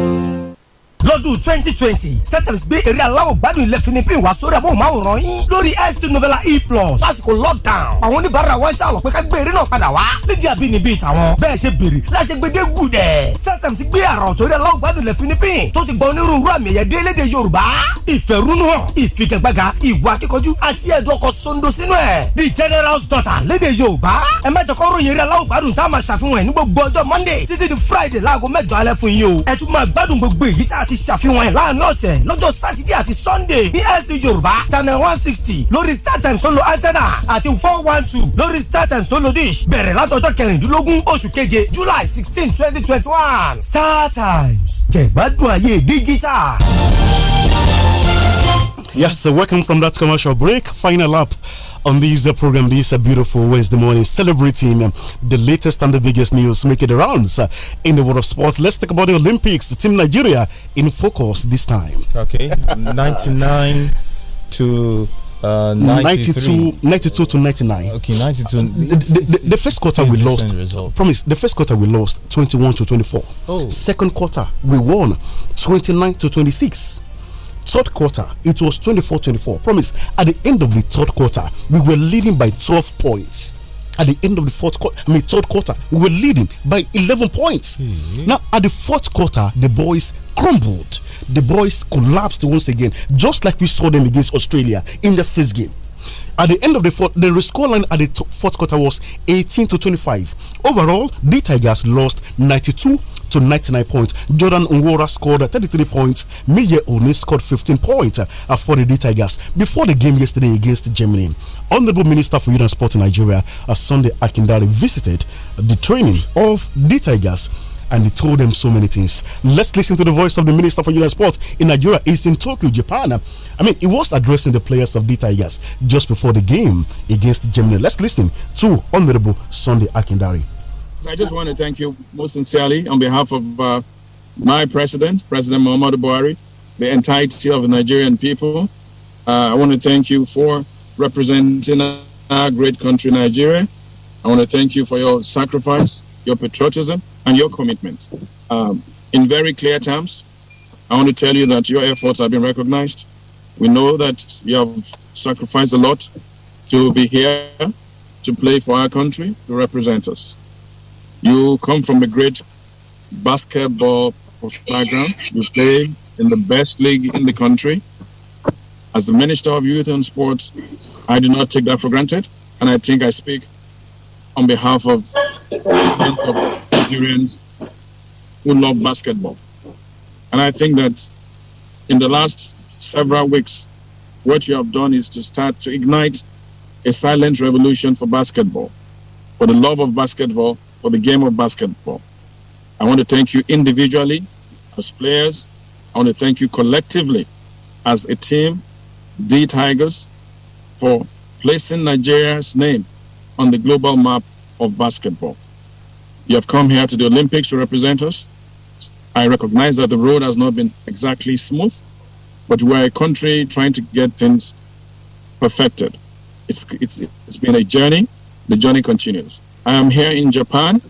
lọ́dún twenty twenty startimes gbé eré aláwọ̀ gbádùn ilẹ̀ philippine wá sórí amóhùnmáwòrán yín lórí st novella e plus lásìkò lockdown àwọn oníbàárà wa ń ṣàlọ̀ pé ká gbé eré náà padà wá lédi àbínibí tàwọn bẹ́ẹ̀ ṣe béèrè láṣẹ gbẹdẹ gùdẹ̀ startimes gbé àrà ọ̀tọ̀ eré aláwọ̀ gbádùn ilẹ̀ philippine tó ti gba onírúurú àmì ẹ̀yẹ dé léde yorùbá ìfẹ̀rúnúhàn ìfigagbága ìwà akíkanjú àti ẹ̀dùn ọkọ̀ sondo sínú ẹ̀ the general's daughter léde yorùbá ẹ má jẹ́ kó ròyìn eré aláwọ̀ gbádùn tá a máa ṣàfihàn ẹ̀ ní gbogbo ọjọ́ monday títí di friday láago mẹ́jọ alẹ́ fún yín o ẹ tún máa gbádùn gbogbo èyí tá a láti ṣàfihàn ẹ̀ láàrin ọ̀sẹ̀ lọ́jọ́ sátidé àti sunday ní ST yorùbá channel one sixty lórí star times tó lo antenna àti four one two lórí star times tó lo dish bẹ̀rẹ̀ látọjọ́ kẹrìndínlógún oṣù keje july sixteen twenty twenty one star times jẹ̀gbádùn ayé díjítà. Yes, so welcome from that commercial break. Final up on this uh, program this uh, beautiful Wednesday morning, celebrating um, the latest and the biggest news making the rounds uh, in the world of sports. Let's talk about the Olympics, the Team Nigeria in focus this time. Okay, 99 to. Uh, 92, 92 to 99. Okay, 92. Uh, the, the, the, first quarter we lost. Result. Promise, the first quarter we lost 21 to 24. Oh. Second quarter we won 29 to 26 third quarter, it was 24 24. Promise, at the end of the third quarter, we were leading by 12 points. At the end of the fourth quarter, I mean, third quarter, we were leading by 11 points. Mm -hmm. Now, at the fourth quarter, the boys crumbled. The boys collapsed once again, just like we saw them against Australia in the first game. At the end of the fourth, the scoreline at the fourth quarter was 18 to 25. Overall, the Tigers lost 92 to 99 points. Jordan Nwora scored 33 points. Miye Oni scored 15 points for the D Tigers before the game yesterday against Germany. Honorable Minister for Youth and Sport in Nigeria, Sunday Akindari, visited the training of D Tigers and he told them so many things. Let's listen to the voice of the Minister for Youth and Sport in Nigeria. He's in Tokyo, Japan. I mean, he was addressing the players of the Tigers just before the game against Germany. Let's listen to Honorable Sunday Akindari. I just want to thank you most sincerely on behalf of uh, my president, President Muhammadu Buhari, the entirety of the Nigerian people. Uh, I want to thank you for representing our great country, Nigeria. I want to thank you for your sacrifice your patriotism, and your commitment. Um, in very clear terms, I want to tell you that your efforts have been recognized. We know that you have sacrificed a lot to be here, to play for our country, to represent us. You come from a great basketball background. You play in the best league in the country. As the Minister of Youth and Sports, I do not take that for granted, and I think I speak on behalf of Nigerians who love basketball. And I think that in the last several weeks, what you have done is to start to ignite a silent revolution for basketball, for the love of basketball, for the game of basketball. I want to thank you individually as players. I want to thank you collectively as a team, the Tigers, for placing Nigeria's name on the global map of basketball. You have come here to the Olympics to represent us. I recognize that the road has not been exactly smooth, but we're a country trying to get things perfected. It's, it's, it's been a journey. The journey continues. I am here in Japan.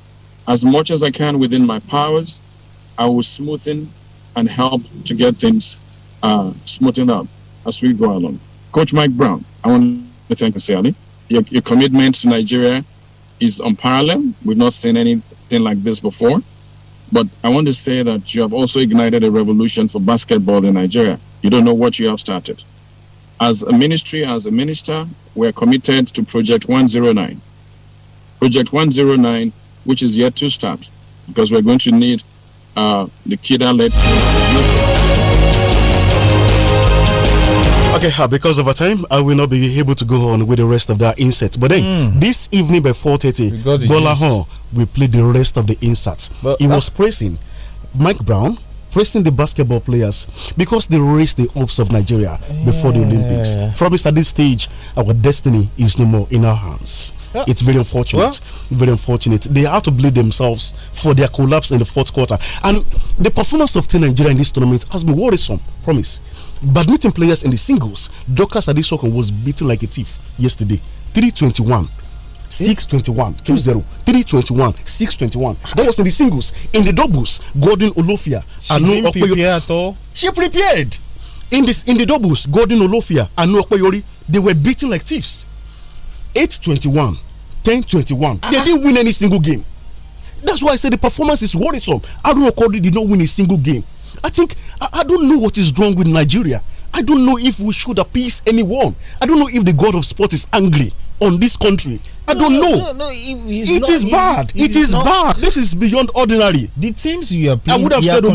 As much as I can within my powers, I will smoothen and help to get things uh, smoothened up as we go along. Coach Mike Brown, I want to thank you, Sally. Your, your commitment to Nigeria is unparalleled. We've not seen anything like this before. But I want to say that you have also ignited a revolution for basketball in Nigeria. You don't know what you have started. As a ministry, as a minister, we're committed to Project 109. Project 109, which is yet to start, because we're going to need uh, the KIDA led. Okay, uh, because of our time, I will not be able to go on with the rest of that insert. But then, mm. this evening by 4.30, Bola Hon will play the rest of the inserts. But he was praising Mike Brown, praising the basketball players because they raised the hopes of Nigeria yeah. before the Olympics. Promise at this stage, our destiny is no more in our hands. Yeah. It's very unfortunate. Yeah. Very unfortunate. They have to blame themselves for their collapse in the fourth quarter. And the performance of Team Nigeria in this tournament has been worrisome, promise. Badminton players in the singles, Dokas Adesokun was beaten like a thief yesterday. 321. 621 2 321 621 that was in the singles in the doubles Gordon Olofia and no not prepare she prepared in this in the doubles Gordon Olofia and Okpeyori they were beaten like thieves eight twenty-one ten twenty-one uh -huh. they uh-huh. didn't win any single game that's why i say the performance is worrisome arun okori did not win a single game i think I, I don't know what is wrong with nigeria i don't know if we should appease anyone i don't know if the god of sport is angry on this country. I no, don't know. No, no, it, it not, is bad. it is, is bad. This is beyond ordinary. The teams you are playing, I would have said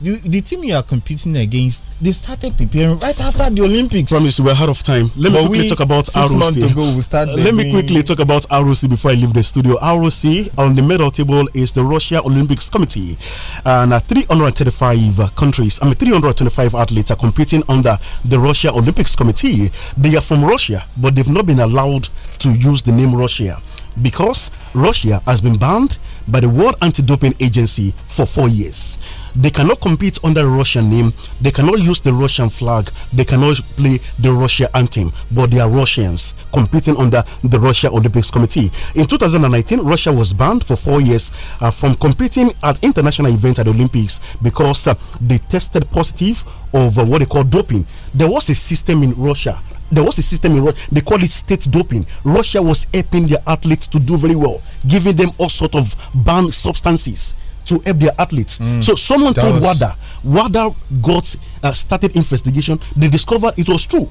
the, the team you are competing against, they started preparing right after the Olympics. Promise, we're out of time. Let but me quickly talk about six ROC. Months ago, we started uh, Let me quickly talk about ROC before I leave the studio. ROC on the medal table is the Russia Olympics Committee, and uh, 335 countries, I mean 325 athletes are competing under the Russia Olympics Committee. They are from Russia, but they've not been allowed to use the name Russia because Russia has been banned by the World Anti Doping Agency for four years. They cannot compete under Russian name, they cannot use the Russian flag, they cannot play the Russia anthem, but they are Russians competing under the Russia Olympics Committee. In 2019, Russia was banned for four years uh, from competing at international events at the Olympics because uh, they tested positive of uh, what they call doping. There was a system in Russia there was a system in Russia. They call it state doping. Russia was helping their athletes to do very well, giving them all sort of banned substances to help their athletes. Mm, so someone told was... WADA. WADA got uh, started investigation. They discovered it was true.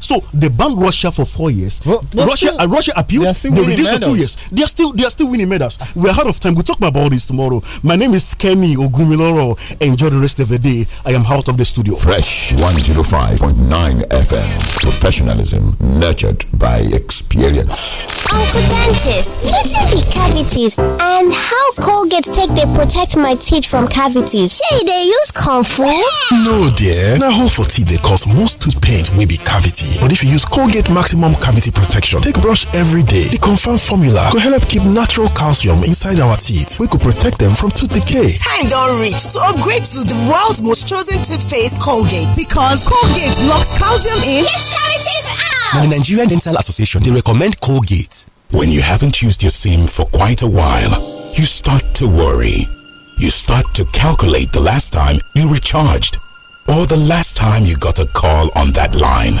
So they banned Russia for four years. Well, Russia, still, uh, Russia appealed. They, they reduced medals. two years. They are still, they are still winning medals. We're out of time. We'll talk about all this tomorrow. My name is Kenny Ogumiloro. Enjoy the rest of the day. I am out of the studio. Fresh 105.9 FM. Professionalism nurtured by experience. Uncle Dentist, what be cavities? And how Colgate take they protect my teeth from cavities? Shay, they use Comfort? No, dear. Now, hold for teeth, they cause most tooth pain will be cavity. But if you use Colgate Maximum Cavity Protection, take brush every day. The confirmed formula could help keep natural calcium inside our teeth. We could protect them from tooth decay. Time don't reach to upgrade to the world's most chosen toothpaste, Colgate. Because Colgate locks calcium in. Yes, now the Nigerian Dental Association, they recommend Colgate. When you haven't used your SIM for quite a while, you start to worry. You start to calculate the last time you recharged or the last time you got a call on that line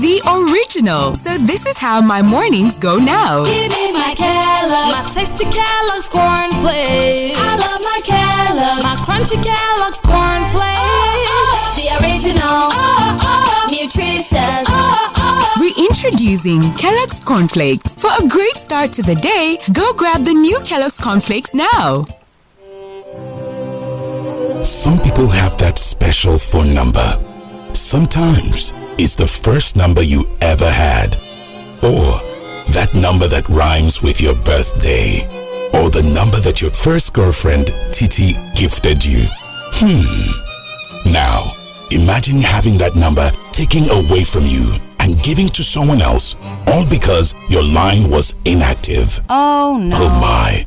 the original. So this is how my mornings go now. Give me my Kellogg's, my tasty Kellogg's corn flakes. I love my Kellogg's, my crunchy Kellogg's corn flakes. Oh, oh, oh. the original, oh, oh, oh. nutritious. Reintroducing Kellogg's corn flakes. For a great start to the day, go grab the new Kellogg's corn flakes now. Some people have that special phone number. Sometimes is the first number you ever had, or that number that rhymes with your birthday, or the number that your first girlfriend, Titi, gifted you. Hmm. Now, imagine having that number taken away from you and giving to someone else, all because your line was inactive. Oh no. Oh my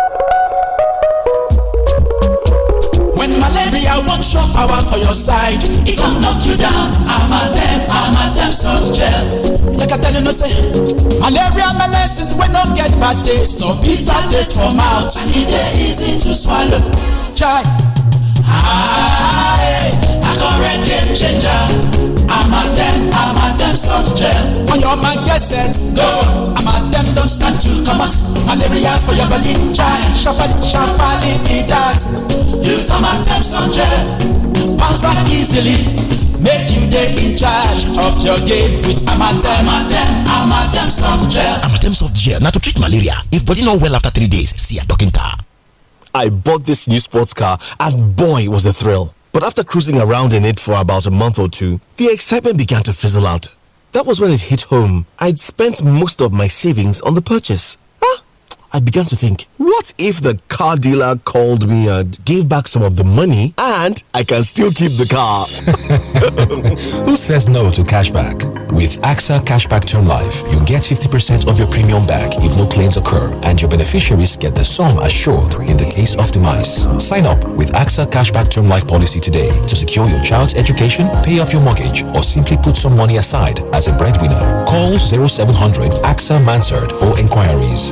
malaria wan show power for your side It can knock you down I'm I'm a a amatem salt gel like i tell you no say malaria medicine wey no get bad taste no bitter taste for mouth and e dey easy to swallow Try. ah, i come red game changer I'm a them, soft gel. On your man get set, go. I'm a them, don't stand to come out. Malaria for your body, try. Shopali, shopali, be that. Use them, soft gel. Bounce back easily. Make you day in charge of your game with Amatem, Amatem, Amatem soft gel. Amatem soft gel. Now to treat malaria. If body not well after three days, see a doctor. I bought this new sports car and boy was a thrill. But after cruising around in it for about a month or two, the excitement began to fizzle out. That was when it hit home. I'd spent most of my savings on the purchase. I began to think, what if the car dealer called me and gave back some of the money and I can still keep the car? Who says no to cashback? With AXA Cashback Term Life, you get 50% of your premium back if no claims occur and your beneficiaries get the sum assured in the case of demise. Sign up with AXA Cashback Term Life policy today to secure your child's education, pay off your mortgage, or simply put some money aside as a breadwinner. Call 0700 AXA Mansard for inquiries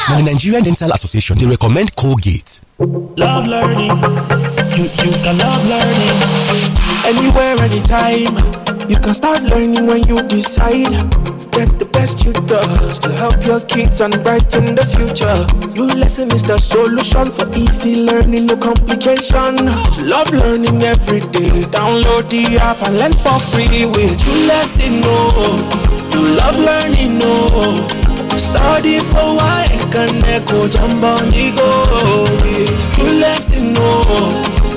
now, the Nigerian Dental Association, they recommend Colgate. Love learning. You, you can love learning. Anywhere, anytime. You can start learning when you decide. Get the best you does to help your kids and brighten the future. Your lesson is the solution for easy learning, no complication. To love learning every day. Download the app and learn for free with your lesson. No, oh. you love learning. No. Oh. Sorry for why I can not echo jumbo nigo. You lesson no,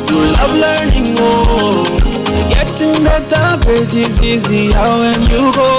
you love learning Oh. Getting better places when you go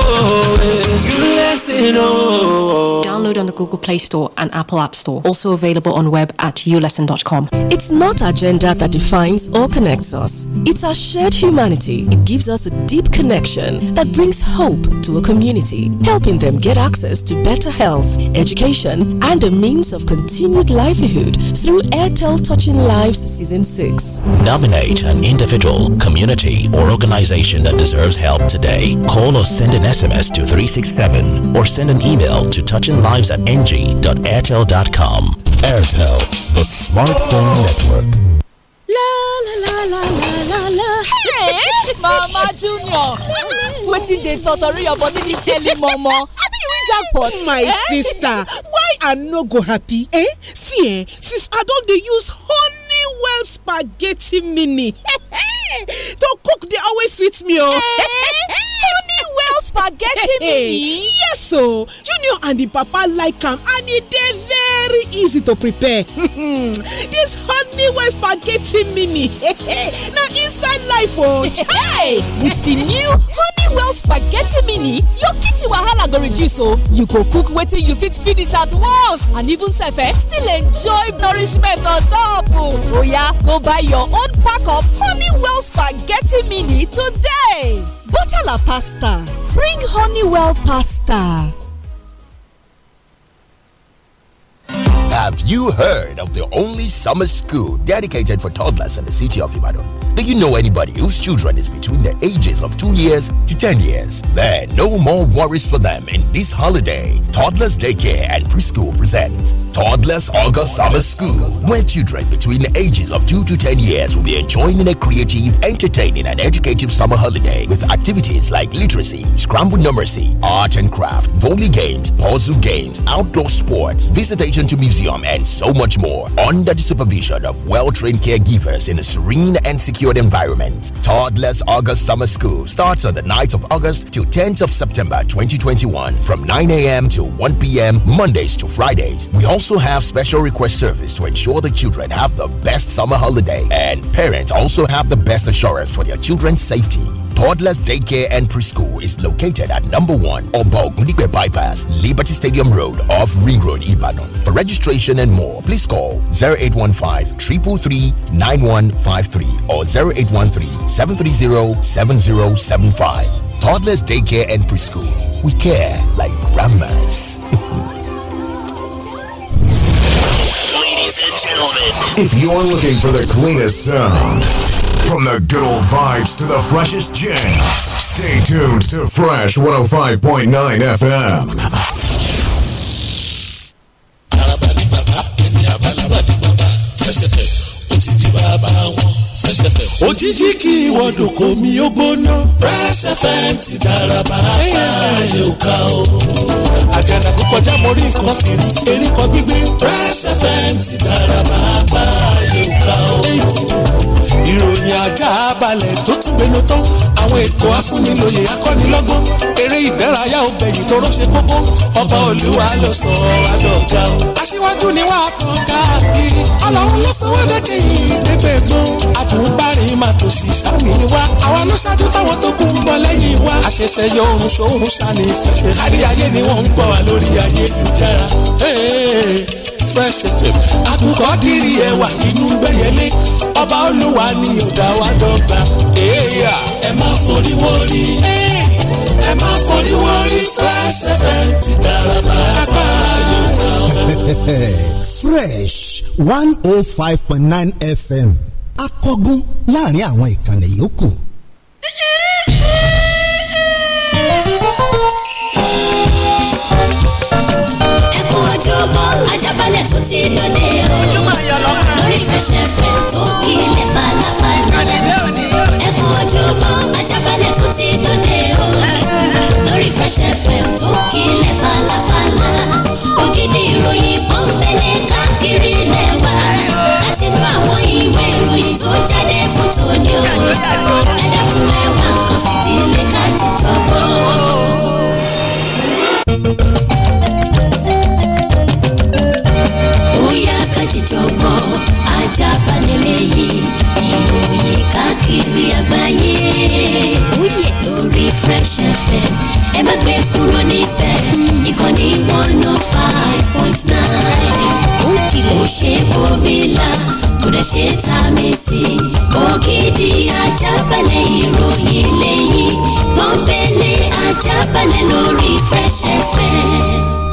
Download on the Google Play Store and Apple App Store. Also available on web at ulesson.com. It's not our gender that defines or connects us. It's our shared humanity. It gives us a deep connection that brings hope to a community, helping them get access to better health, education, and a means of continued livelihood through Airtel Touching Lives Season 6. Nominate an individual, community entity or organization that deserves help today. Call or send an SMS to 367 or send an email to touchinglives at ng.airtel.com. Airtel, the smartphone network. La, la, la, la la la. hey! Mama Junior, what wetin dey totori your body this early Mama? Abi you win jackpot? Eh? My eh? sister, why I no go happy? Eh? See eh, since I don dey use Honeywell spaghetti mini. Eh, eh to cook they always sweet me oh. eh, eh. Honey well, spaghetti mini. yes so junior and the papa like them, and e very easy to prepare. this Honey well, spaghetti mini Now inside life oh. chai with the new Honey Well, spaghetti mini your kitchen wahala go reduce So oh. you go cook wetin you fit finish at once and even self eh, still enjoy nourishment on top oh. yeah. Go buy your own pack of Honeywell Spaghetti Mini today. Butter la pasta. Bring Honeywell pasta. Have you heard of the only summer school dedicated for toddlers in the city of Ibadan? Do you know anybody whose children is between the ages of 2 years to 10 years? There no more worries for them in this holiday. Toddlers Daycare and Preschool presents Toddlers August Summer School, where children between the ages of 2 to 10 years will be enjoying a creative, entertaining, and educative summer holiday with activities like literacy, scrambled numeracy, art and craft, volley games, puzzle games, outdoor sports, visitation to museum, and so much more under the supervision of well-trained caregivers in a serene and secure secured environment. Toddlers August Summer School starts on the night of August to 10th of September 2021 from 9 a.m. to 1 p.m. Mondays to Fridays. We also have special request service to ensure the children have the best summer holiday and parents also have the best assurance for their children's safety. Toddlers Daycare and Preschool is located at number 1 Oba Ogunigbe Bypass, Liberty Stadium Road off Ring Road, Ibadan. For registration and more, please call 0815 333 9153 or 0813 730 7075. Toddlers Daycare and Preschool. We care like grandmas. Ladies and gentlemen, if you're looking for the cleanest sound, from the good old vibes to the freshest jams, stay tuned to Fresh 105.9 FM. fresh fm. òjijì kí ìwọ́dùn kò mí ó gbóná. fresh fm ti dára bàbá ayé ò ká o. àjàdà kò kọjá mo rí nǹkan fìrí erékọ gbígbé. fresh fm ti dára bàbá ayé ò ká o ìròyìn ajá balẹ̀ tó tún gbénu tán àwọn ètò afúnilòyè akọ́nilọ́gbọ́n eré ìdárayá obìnrin tó rọ́ṣẹ́ kókó ọba olúwa ló sọ àdọ̀gá aṣíwájú ni wàá kàn káàkiri ọlọ́run ló sọ wọ́n dẹ́kẹ́ yìí dẹ́gbẹ́ gbọ́n àtúbárin máa tò sí sàmì wa àwa ló ṣáájú táwọn tó kù ń bọ̀ lẹ́yìn wa. àṣẹ̀ṣẹ̀ yọ oorun ṣòun ṣàní ìfẹsẹ̀ kárí ni wọ́n ń gbọ́ wa lórí ayélujára fresh fm àkùkọ dìrì ẹwà inú gbẹ̀yẹlé ọba olúwa ni ọ̀dà wa dọ́gba. ẹ má forí wọrí ẹ má forí wọrí fresh fm ti dára pàápàá yóò kàn. fresh one oh five point nine fm akọgun láàrin àwọn ìkànnì yòókù. tún ti dòde o lórí fẹsẹ̀fẹ̀ tó kílẹ̀ falafala ẹ kú ojúmọ́ Ajaabale tún ti dòde o lórí fẹsẹ̀fẹ̀ tó kílẹ̀ falafala ògidì ìròyìn pọ́npẹ́lẹ́ káàkiri lẹ́wà láti nú àwọn ìwé ìròyìn tó jáde fún tòní o ẹ dákun ẹwà nǹkan fìdílé ká jíjọ gbọ́. àjíjọgbọ́ Ajaabale lẹ́yìn ìròyìn káàkiri àgbáyé. Oyè lórí Fresh FM ẹ má gbé kúrò níbẹ̀ ìkànnì one oh five point nine. Ó kìlọ̀ ṣe bòmílà kò dẹ̀ ṣe tá a mi sí. Ògidì Ajaabale ìròyìn lẹ́yìn pọ́npẹ́lẹ́ Ajaabale lórí Fresh FM.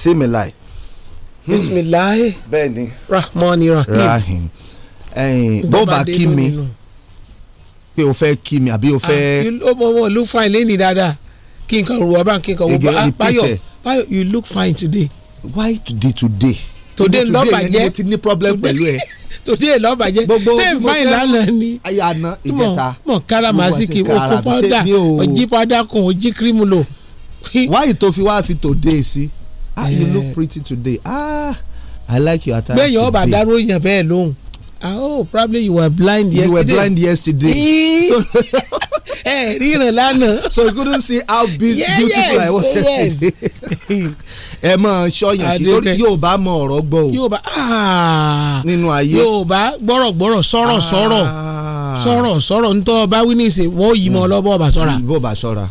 bisimilayi. Hmm. bisimilayi. bẹ́ẹ̀ni. rahman rahim. rahim ẹyin bó bá kí mi pé o fẹ́ kí mi àbí o fẹ́. ọmọ ah, ọmọ oh, oh, oh, look fine lẹ́ni dáadáa kí n kan rò ọba kí n kan wò bá Báyọ̀ Báyọ̀ you look fine today. why today today. today ló bàjẹ́ today yẹn ti ní problem pẹ̀lú ẹ. today ló bàjẹ́ gbogbo bí mo fẹ́ ayé àná ìjẹta. mọ karamasiki okun powder ojí powder kun ojí cream lo. wáyé tó fi wá fi today sí. Si ah you look pretty today ah i like your attire today. gbẹ̀yìn ọba dáró yẹn bẹ́ẹ̀ lóhùn ah, oh probably you were blind yesterday. you were blind yesterday. ẹ eh, ríran lánàá. so you couldn't see how big, yeah, beautiful yes, I was oh, yesterday. ẹ mọ sọyàn kí lórí Yorùbá mọ ọ̀rọ̀ gbọ́ o. Yorùbá ah, nínú ayé. Yorùbá gbọ́rọ̀gbọ́rọ̀ sọ̀rọ̀ ah. sọ̀rọ̀ sọ̀rọ̀ sọ̀rọ̀ ntọ́ bá wí ní ìsìn wọ́n yìí mọ́ ọ lọ́bọ̀ ọ̀bà sọ̀ra. bá sọ̀ra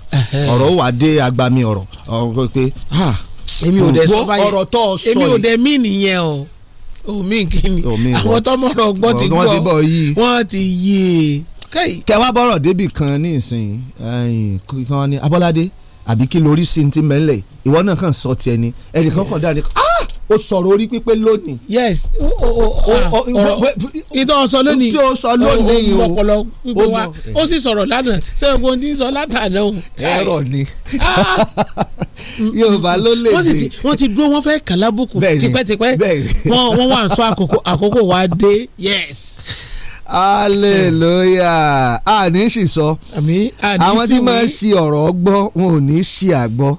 ọ̀rọ̀ wà dé agbami ọ̀rọ̀ ọ̀rọ̀ pé ah èmi ò dẹ̀ sọ báyẹn ọ̀rọ̀ tó sọ yìí èmi ò dẹ̀ mí nìyẹn o omi nkíni àwọn tọmọrọ gbọ́ ti gbọ́ wọ́n ti yé e. kẹwàá bọ̀rọ̀ débì kan ní ìsìn kan ní Abọ́ládé àbí kí lórí sí ti mẹ́lẹ̀ ìwọ náà kàn sọ tiẹ̀ ni ẹnìkan kàn dá ni ah, o sọ̀rọ̀ orí pípé lónìí. yes ah, ìtọ́ sọ lónìí tí o sọ lónìí o ọpọlọ pípé wa eh. ó sì sọ̀rọ̀ lánàá ṣé ogun ti ń sọ látàná o. ẹ̀rọ ni ah. yorùbá ló lè ní. wọ́n ti dúró wọ́n fẹ́ kàn lábùkù tipẹ́tipẹ́ wọ́n wà sọ àkókò wa dé yes hallelujah a ní sì sọ àwọn tí máa ń ṣe ọ̀rọ̀ gbọ́ wọn ò ní ṣe àgbọ́.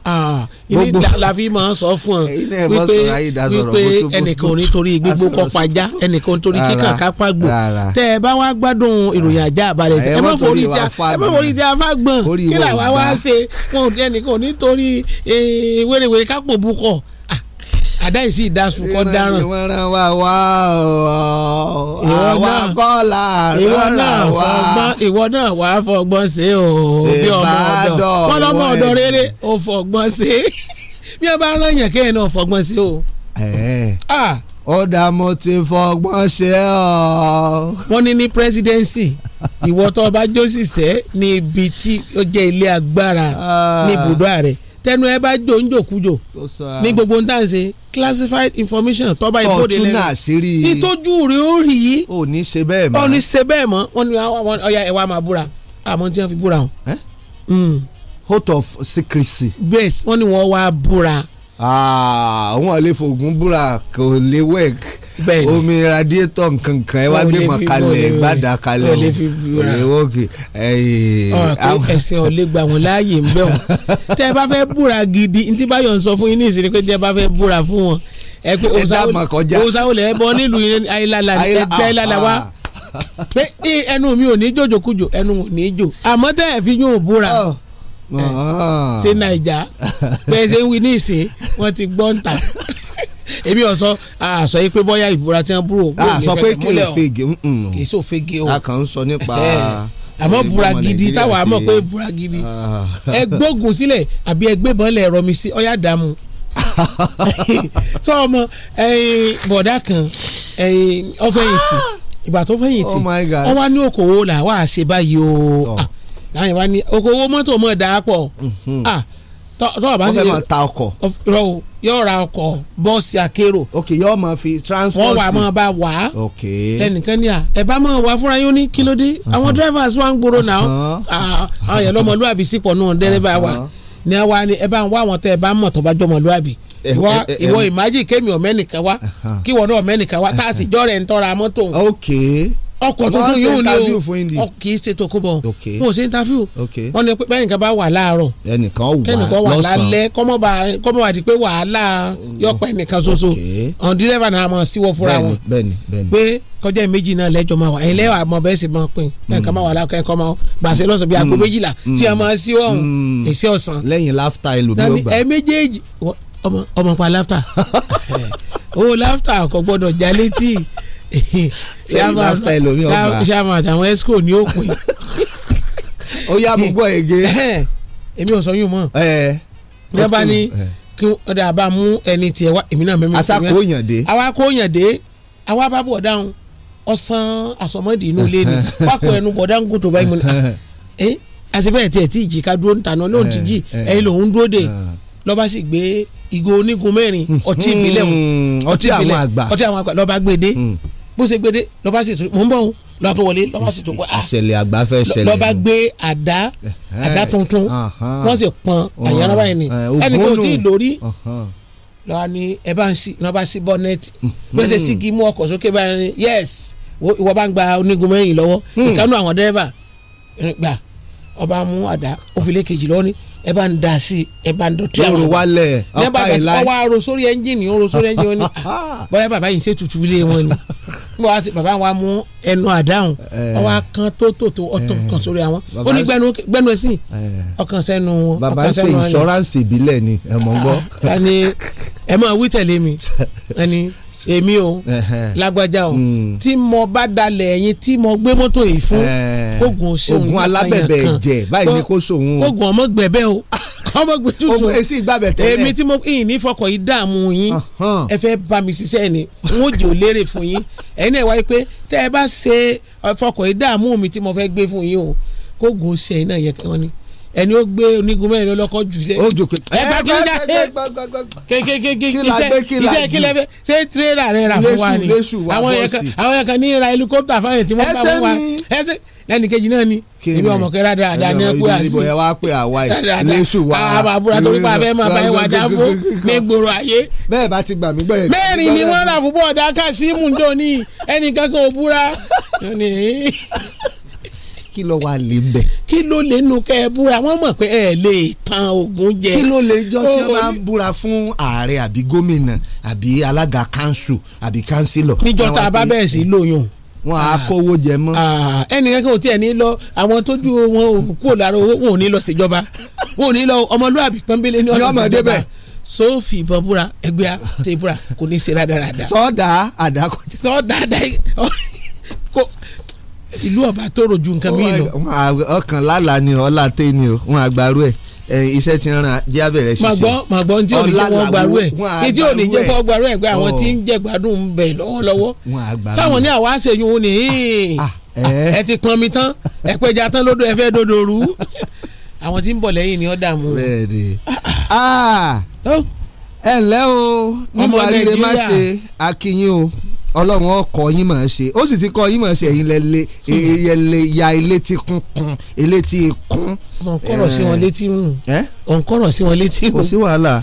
la làfi máa ń sọ fún ọ wípé wípé ẹnìkan ò ní torí gbígbó kọpajá ẹnìkan ò ní torí kíkà kápá gbò tẹ ẹ bá wá gbádùn ìròyìn ajá àbálẹ̀ tẹ ẹ má forí tí a ẹ má forí tí a fá kí làwa wá ṣe wọn ò ní ẹnìkan ò ní torí eh, wérewère kápò bukọ̀ adáyé sì dasùn kọ́ dáràn. ìwọ náà wà wá o àwa kọ́ là rárá wa. ìwọ náà wà á fọgbọ́n ṣe o bí ọmọ ọ̀dọ̀ wọn lọ́mọ ọ̀dọ̀ rere ò fọgbọ́n ṣe bí ọba rán yàn kéèyàn náà fọgbọ́n ṣe o. Ah. ó dá mo ti fọgbọ́n ṣe ọ́. wọ́n ní ní presidency ìwọ tó ọba jósìsẹ́ ní ibi tí ó jẹ́ ilé agbára ní ah. ibùdó ààrẹ tẹnu ẹ bá jò ń jòkújò ah. ní gbogbo ń tàn ṣe classified information tọ́ba ìbòde lẹ́nu ọ̀tún àṣírí ìtọ́jú rẹ̀ ó rí i ò ní ṣe bẹ́ẹ̀ mọ́ ò ní ṣe bẹ́ẹ̀ mọ́ wọ́n ní ọya ẹ̀wà máa búra àmọ́ tí wọ́n fi búra hàn. Hmm. oath of secrecy. bẹ́ẹ̀ wọ́n ní wọ́n wá búra àwọn ah, ilé fògùn búra kò lè wẹ́ẹ̀k omi radiator nkankan ẹ wá gbé mọ kalẹ̀ gbàdá kalẹ̀ o lè wọ́ọ̀kì. ẹ̀sìn ọ̀lẹ́ gbà wọ́n láàyè ń bẹ̀ wọ́n tẹ́ bá fẹ́ búra gidi ní báyọ̀ ń sọ fún yín ní ìsinmi pé bá fẹ́ búra fún wọn ẹ pé òsàwò lẹ́ bọ́ nílùú ayélujára ẹ ah, ah. ẹ lálẹ́ wá pé ẹnu mi ò ní jòjòkújò ẹnu ò ní jò àmọ́ tẹ́ ẹ fi yún òbúra. Ah. ṣe naija bẹ́ẹ̀ ń wí ní ìsìn wọ́n ti gbọ́ ń èmi ọ̀ àṣọ yìí pé bọ́yá ìbúra tí wọ́n búrò wọ́n ní fẹsẹ̀ múlẹ̀ o kì í sọ fege o. a ń sọ nípa àmọ́ búra gidi táwa mọ̀ pé búra gidi ah. ẹ gbógun sílẹ̀ àbí ẹ gbébọn lẹ̀ rọ mi sí ọ̀yá dààmú sọ ọmọ bọ̀dá kan ọfẹ̀yìntì ah. ìgbà tó fẹ̀yìntì ọwọ́ oh ní okòwò làwọn àṣẹ báyìí o. Ah láyìn wá ní oko owó mọ́tò mọ̀ dáa pọ̀ mhm. ah, tọ́wọ́ bá sì ta ọkọ̀ yóò ra ọkọ̀ bọ́ọ̀sì akérò ok yóò máa fi transport wọ́n wà máa bá wà á ok ẹnìkan ní à ẹ bá máa wà fúnra yín ní kílódé àwọn drivers wa ń gbòòrò náà àwọn yẹn lọ́mọlúwàbí sípò náà dẹ́rẹ́bà wa ní àwa ni ẹ bá ń wá àwọn tẹ́ ẹ bá ń mọ̀ tó bá jọmọlúwàbí ìwọ ìwọ ìmájì kémi ọ̀mẹ́nìkan wá kíwọ náà ọ̀mẹ́nìkan wá tá a sì jọ́ rẹ̀ ń tọ́ra mọ́tò. ok ọkọ̀ tuntun yóò ní o kì í ṣe tòkúbọ̀ wọn ò ṣe interview wọn ni pé ẹnìkan bá wà láàárọ̀ ẹnìkan wà lálẹ́ kọ́mọ́ wà di pé wàhálà yọpẹ́ ẹnìkan ṣoṣo ọ̀n dírẹ́bà náà mọ̀ síwọ́ fúnra wọn pé kọjá méjì náà lẹ́jọ́ máa wà ẹ̀ lẹ́wọ̀ àmọ́ bẹ́ẹ̀ sì máa pín ẹnìkan máa wà láàárọ̀ ẹnìkan máa gbàṣẹ lọ́sàn bíi aago mm. méjìlá mm. tí a máa sí ọ̀hún mm. èsì ọ̀sán lẹ́yìn láftà ẹlòmíọ́gbà ẹ méjèèjì ọmọ pa láftà ó láftà kò gbọ́dọ̀ já létí ṣáàmù àtàwọn esco ni ó pè. ó yá mo gbọ́ ege. èmi ò sọ yún mọ́. ní wọ́n bá ní kí ọ̀dà àbá mú ẹni tiẹ̀ wá èmi náà mẹ́mí. àṣà kò yàn dé. àwa kò yàn dé àwa bá bọ̀ dáhùn ọ̀sán àsọmọ́dì inú ilé ni pákó ẹnu bọ̀ dáhùn kó tó báyìí mo ní àṣìbẹ̀ ah, eh, tiẹ̀ tí ìjì ká dúró níta náà lóun ti eh, jì eh, ẹ̀yin lòun dúró de lọ́ba sì gbé ìgò onígun mẹ́rin ọtí ìbílẹ̀ hmm, ọtí ọtí àwọn àgbà lọ́ba gbé dé hmm bó ṣe gbede lọ́ba sì tún mò ń bọ̀ o lọ́ba tó wọlé lọ́ba sì tún wá. ìṣẹ̀lẹ̀ àgbà fẹ́ ṣẹlẹ̀ lọ́ba gbé àdá eh, àdá eh, tuntun wọ́n sì pọn àyàrá báyìí ni eh, ẹni kò tí ì lórí lọ́ba ni ẹ bá ń sí lọ́ba sí bọ́nẹ́ẹ̀tì hmm, hmm. bó ṣe sí kí mú ọkọ̀ sókè báyìí ni yes ìwọ bá ń gba onígun mẹ́yìn lọ́wọ́ hmm. ìkànnù àwọn dẹ́rẹ́bà gbà ọba mú àdá òfìlẹ́ kejì lọ́ni ẹ bá ń da sí ẹ bá ń dọ̀tí àwọn ọmọ wálẹ̀ ọ̀pá ìlà ọwọ́ aró sórí ẹ́ńjìnì ó ro sórí ẹ́ńjìnì ó ní ah, bóyá bàbá yìí ṣe tutù ilé wọn ni wọ́n á sì bàbá wa mú ẹnu àdáhùn eh. ọwọ́ kan tó tó tó ọ̀tọ̀ eh. kan sórí àwọn ó ní gbẹnu gbẹnu ẹ sí eh. ọkàn sẹ́nu wọn. bàbá ń ṣe insurance ìbílẹ̀ ni ẹ mọ̀ ń gbọ́. ẹ máa wí tẹ̀lé mi. èmi o lágbájá o hmm. tí mo bá dalẹ̀ ẹ̀yin tí mo gbé mọ́tò yìí fún kógun ṣe òun alábẹ̀bẹ̀ ẹ̀jẹ̀ báyìí ni kò sóhun o kógun ọmọ gbẹ̀bẹ̀ o ah. ọmọ gbẹ̀jú sọ ogun èsì ìgbàbẹ̀ tẹ́lẹ̀ èmi tí mo yìn ní fọkọ̀ yìí dààmú yín ẹ fẹ́ bá mi ṣiṣẹ́ ni n ó jẹ́ òlérè fún yín ẹ̀yin náà wáyé pé tẹ́ ẹ bá ṣe fọkọ̀ yìí dààmú mi tí mo fẹ́ gbé fún yín o kógun ṣe ẹ̀yin náà yẹ kí wọ́n ní ẹni ó gbé onígun mẹ́rin lọ́kọ́ jù lẹ́. ó jò pé ẹgbẹ́ kílẹ̀ kílẹ̀ iṣẹ́ kílẹ̀ bẹ́ẹ̀ ṣé tírélà rẹ̀ rà fún wa ni àwọn yẹn kan ní ra helicopter fáwọn tí wọ́n bá wọn wá ẹsẹ̀ lẹ́nu kejì náà ni èmi ọmọ kẹrẹ adá adá ní ẹkú àti ìbò yẹn wá pé àwa yìí lẹ́sù wá àwọn àbúrò àti onípa abẹ́ máa bá ìwà dáfó ní gbòòrò ayé. bẹ́ẹ̀ bá ti gbà mí gbọ́ yẹn. mẹ́rin ni wọ́n rà fún bọ́ọ̀dà kásímù jọ ní ẹnìkan kan ò búra kí ló wà lè bẹ̀. kí ló lè nu kẹ́ ẹ búra wọ́n mọ̀ pé ẹ lè tan ogun jẹ. kí ló lè jọ sí ẹ máa ń búra fún ààrẹ àbí gómìnà àbí alága kanṣu àbí kanṣílọ̀. níjọ́ tá a bá bẹ̀rẹ̀ sí lóyún wọn á ah. kówó jẹ mọ. Ah, ẹnìkan kò tiẹ̀ ní lọ àwọn tójú wọn ò kúrò lára owó wọn ò ní lọ síjọba wọn ò ní lọ ọmọlúwàbí pọ́nbélé ní ọ̀nà síjọba so fi ìbọn búra ẹgbẹ́ àti ìbúra kò ní í ṣe rádaràda. sọ́ọ̀dà àdá ìlú ọba tó rojú nǹkan mi lọ. ọkàn lálàá ni ọlá tẹ ni o wọn àgbàrú ẹ iṣẹ́ ti ràn jẹ́ abẹ̀rẹ̀ ṣiṣẹ́. màgbọ́ màgbọ́ ntí ò ní jẹ́ wọ́n gbarú ẹ̀ ntí ò ní jẹ́ wọ́n gbarú ẹ̀ pé àwọn tí ń jẹ́ gbádùn ń bẹ̀ lọ́wọ́lọ́wọ́ sáwọn ní àwa ṣèyún òun ni ah, ah, ẹ ti pọnmi tán ẹ pẹja tán lódò ẹ fẹ́ dodo rú àwọn tí ń bọ̀ lẹ́yìn ni ó dààmú. bẹ́ẹ̀ni ah, ẹ ǹlẹ́ o nígbà rere má ṣe akínyìn o ọlọ́run ọkọ̀ yín mọ̀ ẹ́ ṣe ó sì ti kọ́ yín mọ̀ ẹ́ ṣe ẹ̀yin lẹ́lẹ́ hmm. ẹ̀yẹlẹ́ ya ilé tí kún kún ilé tí kún. ọ̀nkọ̀rọ̀ sí wọn létí rùn ọ̀nkọ̀rọ̀ sí wọn létí rùn. kò sí wàhálà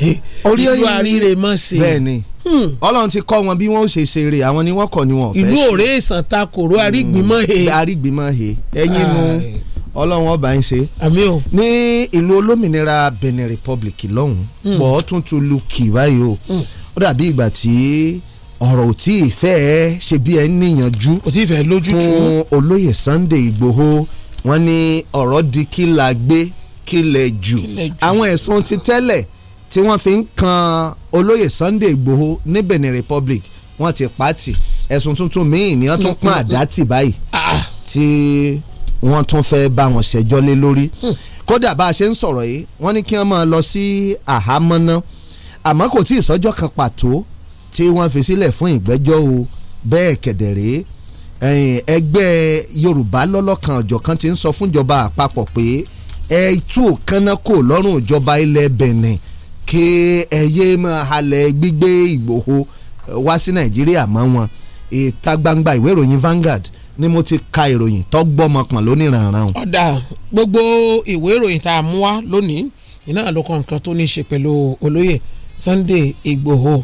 orí ìlú àríre mọ̀ ṣe bẹ́ẹ̀ ni hmm. ọlọ́run ti kọ́ wọn bí wọ́n ó ṣe ṣeré àwọn ni wọ́n kọ̀ ni wọ́n fẹ́ ṣe. ìlú òré ìsàn ta kòró hmm. arígbìmọ̀ he. arígbìmọ̀ he ẹ̀yin nu ọlọ́run ọba ń ṣe. àmín o. ní ìlú olómìnira Benin Republic lọ́hùn-ún pọ̀ ọ́ tún tún lu kì báyìí o ó dàbí ìgbà tí ọ̀rọ̀ ò tí ì fẹ́ ẹ ṣe bí ẹ níyànjú fún olóyè Sunday Igboho wọ́n ní ọ̀rọ̀ di kí la gbé kí lẹ jù àwọn ẹ̀sùn ti tẹ́lẹ̀ tí wọ́n fi ń kan olóyè Sunday Igboho ní Benin Republic wọ́n ti pàtì ẹ̀sùn tuntun míì ni wọ́n tún pọ́n àdátì báyìí ah. tí wọ́n tún fẹ́ bá wọn ṣẹjọ́ lé lórí hmm. kódà bá a ṣe ń sọ̀rọ̀ yìí wọ́n ní kí wọ́n máa lọ sí àhámọ́ àmọ́ kò tí ì sọ́jọ́ kan pàtó tí wọ́n fi sílẹ̀ fún ìgbẹ́jọ́ o bẹ́ẹ̀ kẹ̀dẹ̀rẹ́ ẹgbẹ́ Yorùbá lọ́lọ́kan ọ̀jọ̀kan ti ń sọ fúnjọba àpapọ̀ pé ẹ tú kánákò lọ́rùn ìjọba ilẹ̀ Benin kí ẹyẹ máa halẹ̀ gbígbé Ìgbòho wá sí Nàìjíríà mọ́ wọn ìta gbangba ìwé ìròyìn Vanguard ni mo ti ka ìròyìn tó gbọ́mọkàn lóníranran o. ọ̀dà gbogbo ìwé ìròyìn tá a mú wá lónìí iná ló nǹkan tó ní í ṣe pẹ̀lú olóyè Sunday Igboho.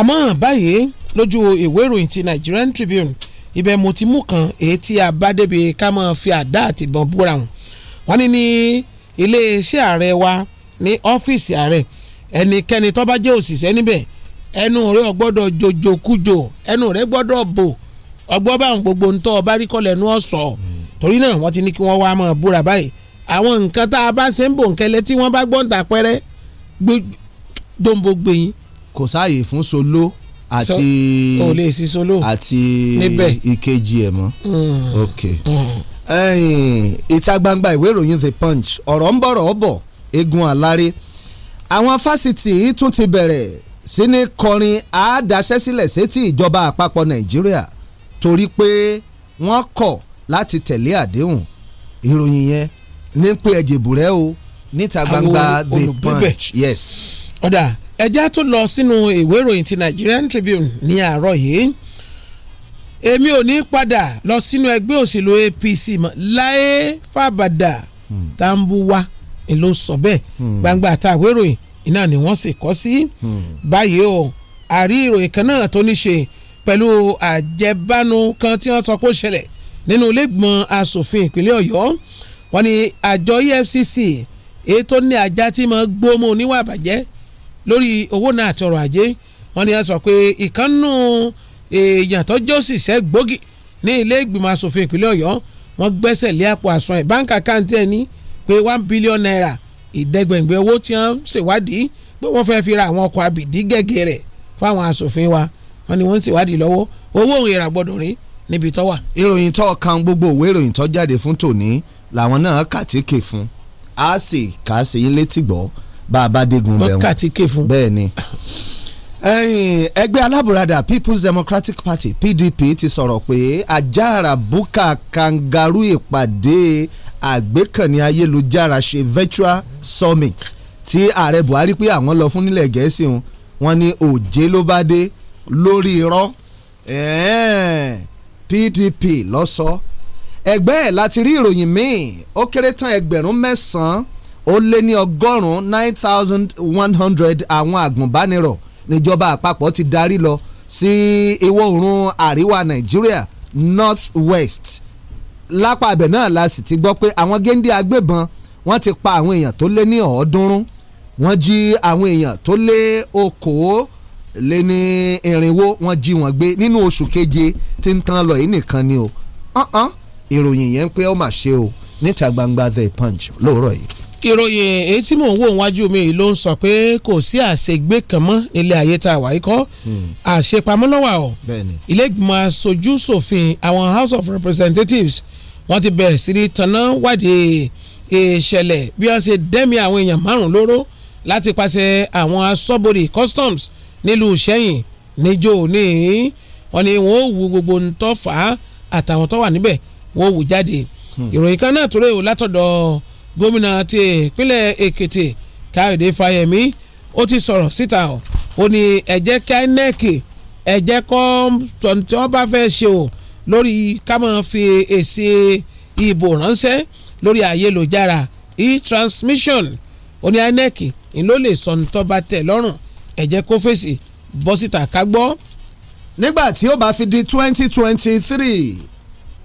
àmọ́ báyìí lójú ìwé ìròyìn ti Nigerian Tribune ibẹ̀ mo ti mú kan èyí tí a bá débi ká máa fi àdá àti ìbọn búra hàn wọ́n ní ní iléeṣẹ́ ààrẹ wa ní ọ́fíìsì ààrẹ ẹnikẹ́ni tó bá jẹ́ òṣìṣẹ́ níbẹ̀ ẹnu rẹ̀ ọgbọ́dọ̀ jòjòkújò ẹnu rẹ̀ gbọ́dọ̀ bò ọgbọ́n bá gbogbo ń tọ́ ọba rí kọ́lẹ̀ ní ọ̀sọ̀ torí náà wọ́n ti ní kí wọ́n wá máa búra báyìí àwọn nǹkan tá a bá ṣe ń bò ń kẹlẹ́ tí wọ́n bá gbọ́ǹta pẹ́rẹ́ dombo gbẹ̀yìn kò sáàyè fún solo àti so, olè sí solo àti ìkejì ẹ̀ mọ́ mm. ok mm. ìta gbangba ìwé ìròyìn the punch ọ̀rọ̀ ń bọ̀rọ̀ ọ̀ bọ̀ egun aláré àwọn fásitì tún ti bẹ̀rẹ̀ sí ní kọrin àádáṣẹ́sílẹ̀ sétí ìjọba àpapọ̀ nàìjíríà torí pé wọ́n kọ̀ láti tẹ̀lé àdéhùn ìròyìn yẹn ní pé ẹ̀jẹ̀ bùrẹ́ o níta gbangba the punch yes ọ̀dà ẹja tó lọ sínú ìwé ìròyìn ti Nigerian Tribune ní àárọ̀ yìí èmi ò ní padà lọ sínú ẹgbẹ́ òṣèlú APC mọ́ láé fàbàdà hmm. tambuwa ló sọ bẹ́ẹ̀ hmm. gbangba àtàwé ìròyìn iná ni wọ́n sì kọ́ sí hmm. báyìí o àrí ìròyìn kan náà tó ní ṣe pẹ̀lú àjẹbánu kan tí wọ́n sọ pé ó ṣẹlẹ̀ nínú ilégbọn asòfin ìpínlẹ̀ Ọ̀yọ́ wọ́n ní àjọ EFCC èyí tó ní ajá tí mo gbóòmù oníwà bàjẹ́ lórí owó náà àti ọrọ̀ ajé wọ́n ní wọ́n sọ pé ìkànnù èèyàn tó jó ṣìṣẹ́ gbòógì ní ilé ìgbìmọ̀ asòfin ìpínlẹ̀ ọ̀yọ́ wọ́n gbẹ́sẹ̀ lé àpò àsun ẹ̀ báńkì àkáǹtì ẹ̀ ní pé one billion naira ìdẹ́gbẹ̀gbẹ̀ owó tí wọ́n ṣèwádìí pé wọ́n fẹ́ fi ra àwọn ọkọ̀ àbìdí gẹ́gẹ́ rẹ̀ fáwọn asòfin wa wọ́n ní wọ́n ń ṣèwádìí lọ́wọ́ owó òun ìrà gbọ́dọ̀ rí níbi tó wà. ìròyìn tó kan gbogbo òwe ìròyìn tó jáde fún tòní làwọn náà kàtíkè fún a sì kà á sí yín létí gbọ́ bá a bá dégun bẹ̀rù wákàtí ké bẹ́ẹ̀ ni. ẹgbẹ́ alábùradà People's Democratic Party PDP ti sọ̀rọ̀ pé àjàrà bùkà kangaroo ìpàdé àgbékànnì ayélujára ṣe virtual summit tí ààrẹ Buhari pé àwọn lọ fún nílẹ̀ gẹ̀ẹ́sì wọn ni òjé ló bá dé lórí irọ́ PDP ló sọ ẹgbẹ́ ẹ̀ láti rí ìròyìn míì ó kéré tán ẹgbẹ̀rún mẹ́sàn-án ó lé ní ọgọ́rùn-ún nine thousand one hundred àwọn àgùnbánirọ̀ níjọba àpapọ̀ ti darí lọ sí ìwọ̀ oòrùn àríwá Nàìjíríà north west lápá abẹ náà la sì ti gbọ́ pé àwọn géńdé agbébọn wọ́n ti pa àwọn èèyàn tó lé ní ọ̀ọ́dúnrún wọ́n jí àwọn èèyàn tó lé okòó lé ní irinwó wọ́n jí wọn gbé nínú oṣù keje tí ń tán lọ yìí nìkan ni o ìròyìn yẹn ń pé ó mà ṣe o níta gbangba the punch lóòrọ̀ yìí ìròyìn èyí tí mò ń wò wájú mi ló ń sọ pé kò sí àṣegbé kan mọ́ nílé ayé tá a wà yìí kọ́ hmm. àṣepamọ́ lọ́wọ́ ọ̀ ilé ìgbìmọ̀ aṣojú ṣòfin àwọn House of Representatives wọ́n ti bẹ̀rẹ̀ sí ní tanná wádìí ìṣẹ̀lẹ̀ bí wọ́n ṣe dẹ́mi àwọn èèyàn márùn-ún lóró láti pàṣẹ àwọn aṣọ́bodè customs nílùú Ìṣẹ̀yìn níjó ní wọ́n ní wọ́n wú gbogbo ntọ́fà àtàwọn tó wà níbẹ̀ wọ́n wú jáde hmm. ìròyìn kan náà tó rẹ̀ látọ̀dọ̀ gómìnà ti ìpínlẹ̀ èkìtì káyọ̀dé fáyẹ̀mí ó ti sọ̀rọ̀ síta ọ̀ ó ní ẹ jẹ́ kí inec ẹ jẹ́ kọ́ tí wọ́n bá fẹ́ ṣe o lórí ká máa fi èsì ìbò ránṣẹ́ lórí ayélujára e-transmission ó ní inec ń ló lè sọnù tó bá tẹ̀ lọ́rùn ẹ jẹ́ kó fèsì bọ́ síta ká gbọ́. nígbà tí ó bá fi di twenty twenty three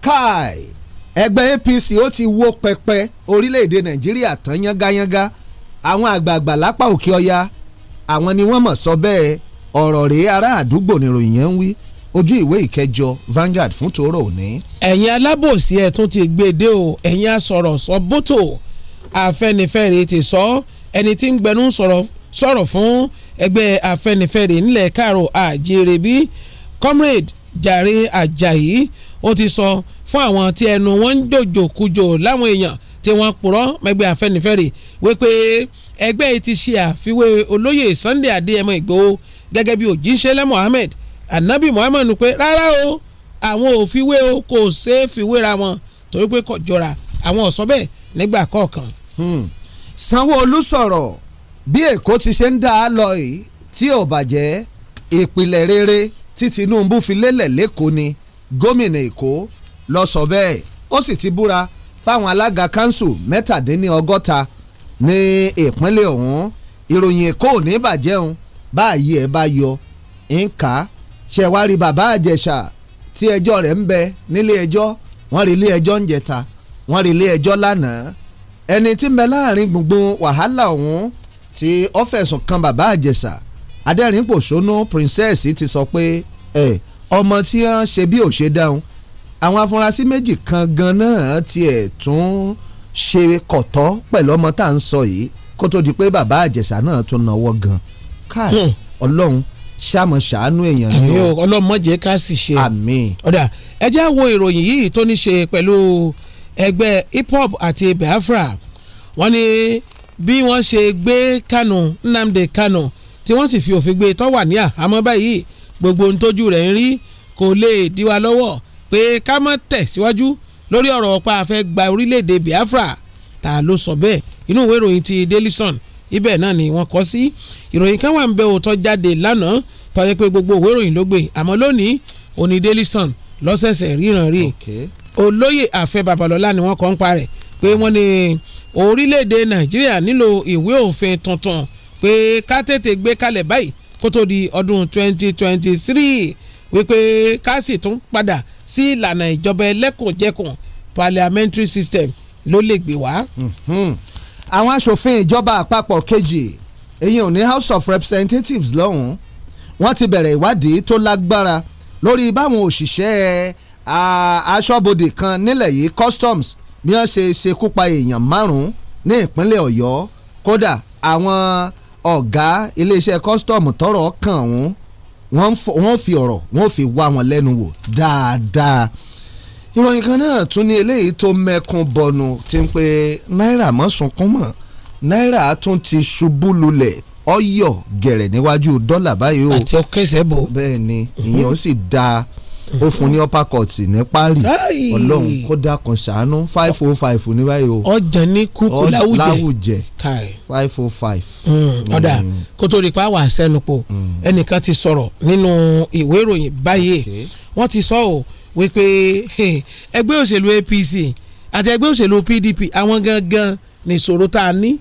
káì ẹgbẹ́ APC ó ti wó pẹpẹ orílẹ̀-èdè Nàìjíríà tán yángayánga àwọn àgbààgbà lápá òkè ọya àwọn ni wọ́n mọ̀ sọ bẹ́ẹ̀ ọ̀rọ̀ rèé ará àdúgbò níròyìn yẹn ń wí ojú ìwé ìkẹjọ Vanguard fún tòórọ́ òní. ẹ̀yin alábòsí ẹ̀ tún ti gbé e dé o ẹ̀yin asọ̀rọ̀ sọ bótò Afẹ́nifẹ́re ti sọ ẹni tí ń gbẹnu sọ̀rọ̀ fún ẹgbẹ́ Afẹ́nifẹ́re nílẹ̀ káàró àjèrè bí comrade jare Àjàyí ó ti sọ fún àwọn tí ẹnu wọn ń jòjò kújò láwọn èèyàn tí wọ́n purọ́ mẹ́gbẹ́ Afẹ́nifẹ́re wípé ẹgbẹ́ yìí ti ṣe àfiwé olóyè Sunday Adéyẹmọ Ìgbòho gẹ́gẹ́ bí òjíṣẹ́lẹ̀ Mohammed anabi Muhammad pé rárá o àwọn ò fiwé o kò ṣeé fiwéra wọn torí pé kò jọra àwọn ò sọ bẹ́ẹ̀ nígbà kọ̀ọ̀kan. Hmm. Sanwó-Olú sọ̀rọ̀ bí Èkó ti ṣe ń dá a lọ yìí tí ò bàjẹ́ ìpìlẹ̀ rere tí Tinubu fi lélẹ̀ lẹ́kọ̀ọ́ ni gómìnà Èkó ló sọ bẹ́ẹ̀ ó sì ti búra fáwọn alága kanṣu mẹ́tàdínní ọgọ́ta ní ìpínlẹ̀ ọ̀hún ìròyìn èkó ò ní bàjẹ́ òun báyìí ẹ̀ bá yọ ńkà ṣẹ̀wárí bàbá àjẹsà tí ẹjọ́ rẹ̀ ń bẹ nílé ẹjọ́ wọ́n rí ilé ẹjọ́ ń jẹta wọ́n rí ilé ẹjọ́ lánàá ẹni tí ń bẹ láàrin gbùngbùn wàhálà ọ̀hún tí ó fẹ̀sùn kan bàbá àjẹsà adẹ́rìnpòṣónú princess ti sọ pé ẹ ọmọ tí wọ́n ṣe bí ò ṣe dáhùn àwọn afurasí méjì kan gan náà tiẹ̀ tún ṣe kọ̀tọ́ pẹ̀lú ọmọ tá à ń sọ yìí kó tó di pé bàbá àjẹsà náà tún náwó gan káì hmm. ọlọ́run ṣàmọ̀ ṣàánú èèyàn ni o ọlọ́mọdé ká sì ṣe àmín ọ̀dà ẹ jẹ́ wo ìròyìn yìí tó ní ṣe pẹ̀lú ẹgbẹ́ hip hop àti Biafra wọ́n ní bí wọ́n ṣe gbé Kanu Nnamdi Kanu tí wọ́n sì fi òfin gbé e tọ́wà ní àhámọ́ báyìí gbogbo ohun rẹ̀ ń rí kò lè dí lọ́wọ́ pé ká má tẹ̀síwájú lórí ọ̀rọ̀ ọ̀pá afẹ́ gba orílẹ̀-èdè Biafra ta ló sọ bẹ́ẹ̀ inú ìwé ìròyìn ti Daily Sun ibẹ̀ náà ni wọ́n kọ sí ìròyìn kan wà ń bẹ òótọ́ jáde lánàá tó jẹ́ pé gbogbo ìwé ìròyìn ló gbé àmọ́ lónìí òní Daily Sun lọ́sẹ̀sẹ̀ ríran rí olóyè àfẹ́ babalọ́lá ni wọ́n kọ́ ń parẹ̀ pé wọ́n ní orílẹ̀-èdè nàìjíríà nílò ìwé òfin tuntun pé ká tètè gbé kalẹ̀ báyìí kó tó di ọdún 2023 wípé ká sì tún padà sí ìlànà ìjọba ẹlẹ́kùnjẹkùn parliamentary system ló lè gbé wá. Mhm. àwọn aṣòfin ìjọba àpapọ̀ kejì èyí ò ní house of representatives lọ́hùn-ún wọ́n ti bẹ̀rẹ̀ ìwádìí tó lágbára lórí báwọn òṣìṣẹ́ aṣọ́bodè kan nílẹ̀ yìí customs bí wọ́n ṣe ṣekú pa èèyàn márùn-ún ní ìpínlẹ̀ ọ̀yọ́ kódà àwọn ọ̀gá iléeṣẹ́ customs tọrọ kàn ọ̀hún wọ́n fi ọ̀rọ̀ wọ́n fi wá wọn lẹ́nu wò dáadáa ìròyìn kan náà tún ní eléyìí tó mẹ́kún bọnu ti ń pe náírà mọ́ sunkún mọ́ náírà tún ti ṣubú lulẹ̀ ọyọ̀ gẹ̀rẹ̀ níwájú dọ́là báyìí o àti ọkẹ́sẹ̀ bò bẹ́ẹ̀ ni ìyẹn ó sì dáa. Mm -hmm ó fún ní upper court ní pálí ọlọ́run kó dákun ṣàánú five oh five ní báyìí o. ọjà ní kúkú láwùjẹ five oh five. Mm, ọ̀dà mm. kó tó di pa wà sẹ́nupọ̀ mm. ẹnìkan ti sọ̀rọ̀ nínú ìwé ìròyìn báyìí wọ́n ti sọ ọ́ wípé ẹgbẹ́ òṣèlú APC àti ẹgbẹ́ òṣèlú PDP àwọn gangan ní ìṣòro tá a ní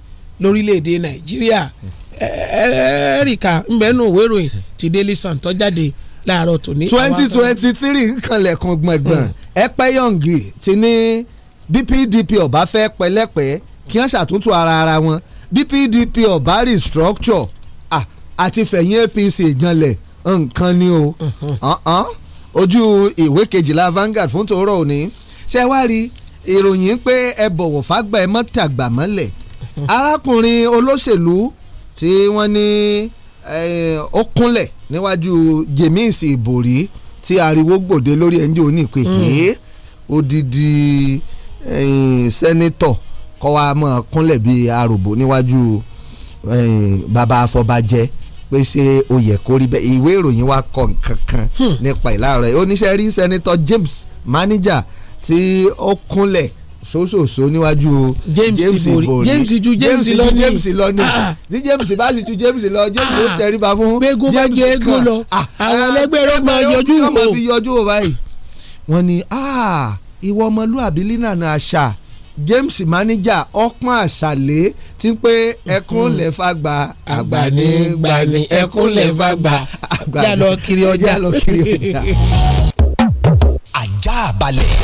lórílẹ̀‐èdè Nàìjíríà ẹ̀ẹ́rìkà ńbẹ́nu ìwé ìròyìn ti Daily Sun tó jáde láàárọ̀ tòní. twenty twenty three nkanlẹ̀kùn gbọ̀ngbọ̀n mm. ẹ̀pẹ́yọ̀ǹgì ti ní bpdp ọ̀bá fẹ́ pẹ́lẹ́pẹ́ kí wọ́n ṣàtúntò ara ara wọn bpdp ọ̀bá restructure àti fẹ̀yìn apc ìjànlẹ̀ nǹkan ni o mm-hmm. ojú ìwé kejìlá Vanguard fún tòórọ òní ṣe wá rí ìròyìn pé ẹ bọ̀wọ̀ fágbà ẹ mọ́ tàgbà mọ́lẹ̀ mm-hmm. arákùnrin olóṣèlú tí wọ́n ní. Ni ó kúnlẹ̀ níwájú James Ibori tí ariwo gbòde lórí ẹni òní hmm. pé odidi eh, sẹ́nitọ̀ kọ́ wa mọ̀ kúnlẹ̀ bíi aròbó níwájú eh, bàbá afọbajẹ pé ṣé o yẹ kó rí bẹ́ẹ̀ ìwé ìròyìn wa kọ nǹkan kan hmm. nípa ìlàrọ̀ ẹ̀ oníṣẹ́ rí sẹ́nitọ̀ James manager tí ó kúnlẹ̀ sósòsó níwájú James ibori James ju James lọ ní James lọ ní ah, ah. tí James bá sì ju James lọ James ó ah, tẹríba fún James kan àwọn ẹlẹgbẹ́ rẹ̀ máa yọjú wò wọ́n fi yọjú o báyìí wọ́n ní ìwọ ọmọlúwàbí línàna àṣà James manager ọpọ́n àṣàlẹ̀ ti pé ẹkún lè hmm. fa gba àgbànígbàní ẹkún lè fa gba àgbàní jà lọ kiri ọjà. ajá balẹ̀.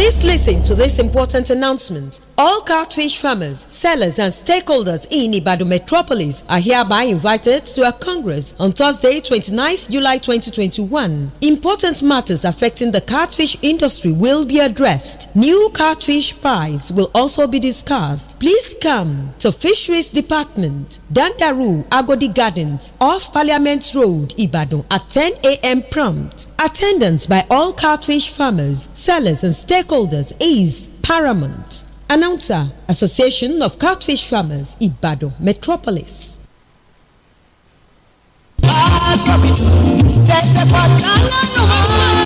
Please listen to this important announcement. All catfish farmers, sellers, and stakeholders in Ibadu metropolis are hereby invited to a congress on Thursday, 29th July 2021. Important matters affecting the catfish industry will be addressed. New catfish pies will also be discussed. Please come to Fisheries Department, Dandaru, Agodi Gardens, off Parliament Road, Ibadu, at 10 a.m. prompt. Attendance by all catfish farmers, sellers, and stakeholders is paramount. Announcer Association of Catfish Farmers, Ibado Metropolis.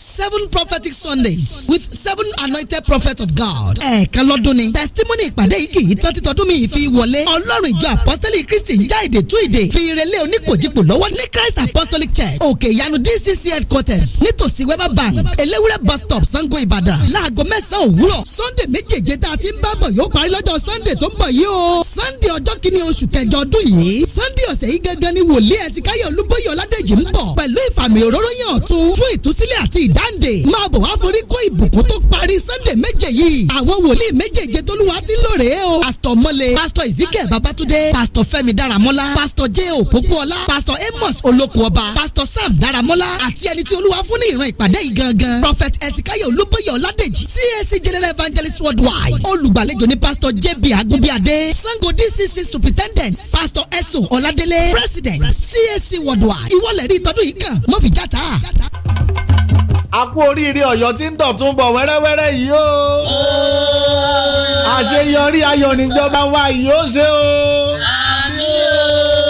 seven prophetic sundays with seven anointed prophets of God. ẹ̀ẹ̀kan lọ́dún ni testimony ìpàdé yìí kìí tán títọ́dún mi fi wọlé ọlọ́run ìjọ apostolic christian jáde tú ìdè fi ìrẹ̀lẹ̀ oníkòjìpò lọ́wọ́ ní christ apostolic church òkè ìyanu dcc headquarters nítòsí weber bank eléwúrẹ́ bus stop sango ìbàdàn láago mẹ́sàn-án òwúrọ̀ sunday méjèèje tá a ti ń bá bọ̀ yóò parí lọ́jọ́ sunday tó ń bọ̀ yìí o sunday ọjọ́ kìíní oṣù kẹjọ ọdún yìí sunday ọ̀sẹ̀ yìí gángan ni wòlíì ẹ̀sìn káyọ̀ olúbóyè ọládèjì ń bọ̀ pẹ̀lú ìfàmì òróró yẹn ọ̀tun fún ìtúsílẹ̀ àti ìdáǹdè máa bọ̀ wá forí kó ìbùkún tó parí sunday méje yìí àwọn wòlíì méjèèje tólúwa ti ń lò rèé o pásítọ̀ mọ́lẹ̀ pásítọ̀ ìzíkẹ̀ babatunde pásítọ̀ fẹ́mi dáramọ́lá pásítọ̀ j òpópóọlá pásítọ̀ amos olókoọba pásítọ̀ sam dáramọ́lá àti ẹni tí olúwa fún ní ìran ìpàdé yìí gangan prophet ẹ̀sìkáyọ̀ olúbóyè ọládèjì cac general evangelist worldwide olùgbàlejò ní pásítọ̀ jb agunbíadé sango dcc superintendent pásítọ̀ ẹ̀sùn ọládélé president cac wọ Odua ìwọlẹ̀ rí tọdún yìí kàn mọ́ fi játa. a kú oríire ọ̀yọ́ tí ń dọ̀tún bọ̀ wẹ́rẹ́wẹ́rẹ́ yìí o àṣeyọrí ayọ̀ níjọba wa yìí ó ṣe o. àmín o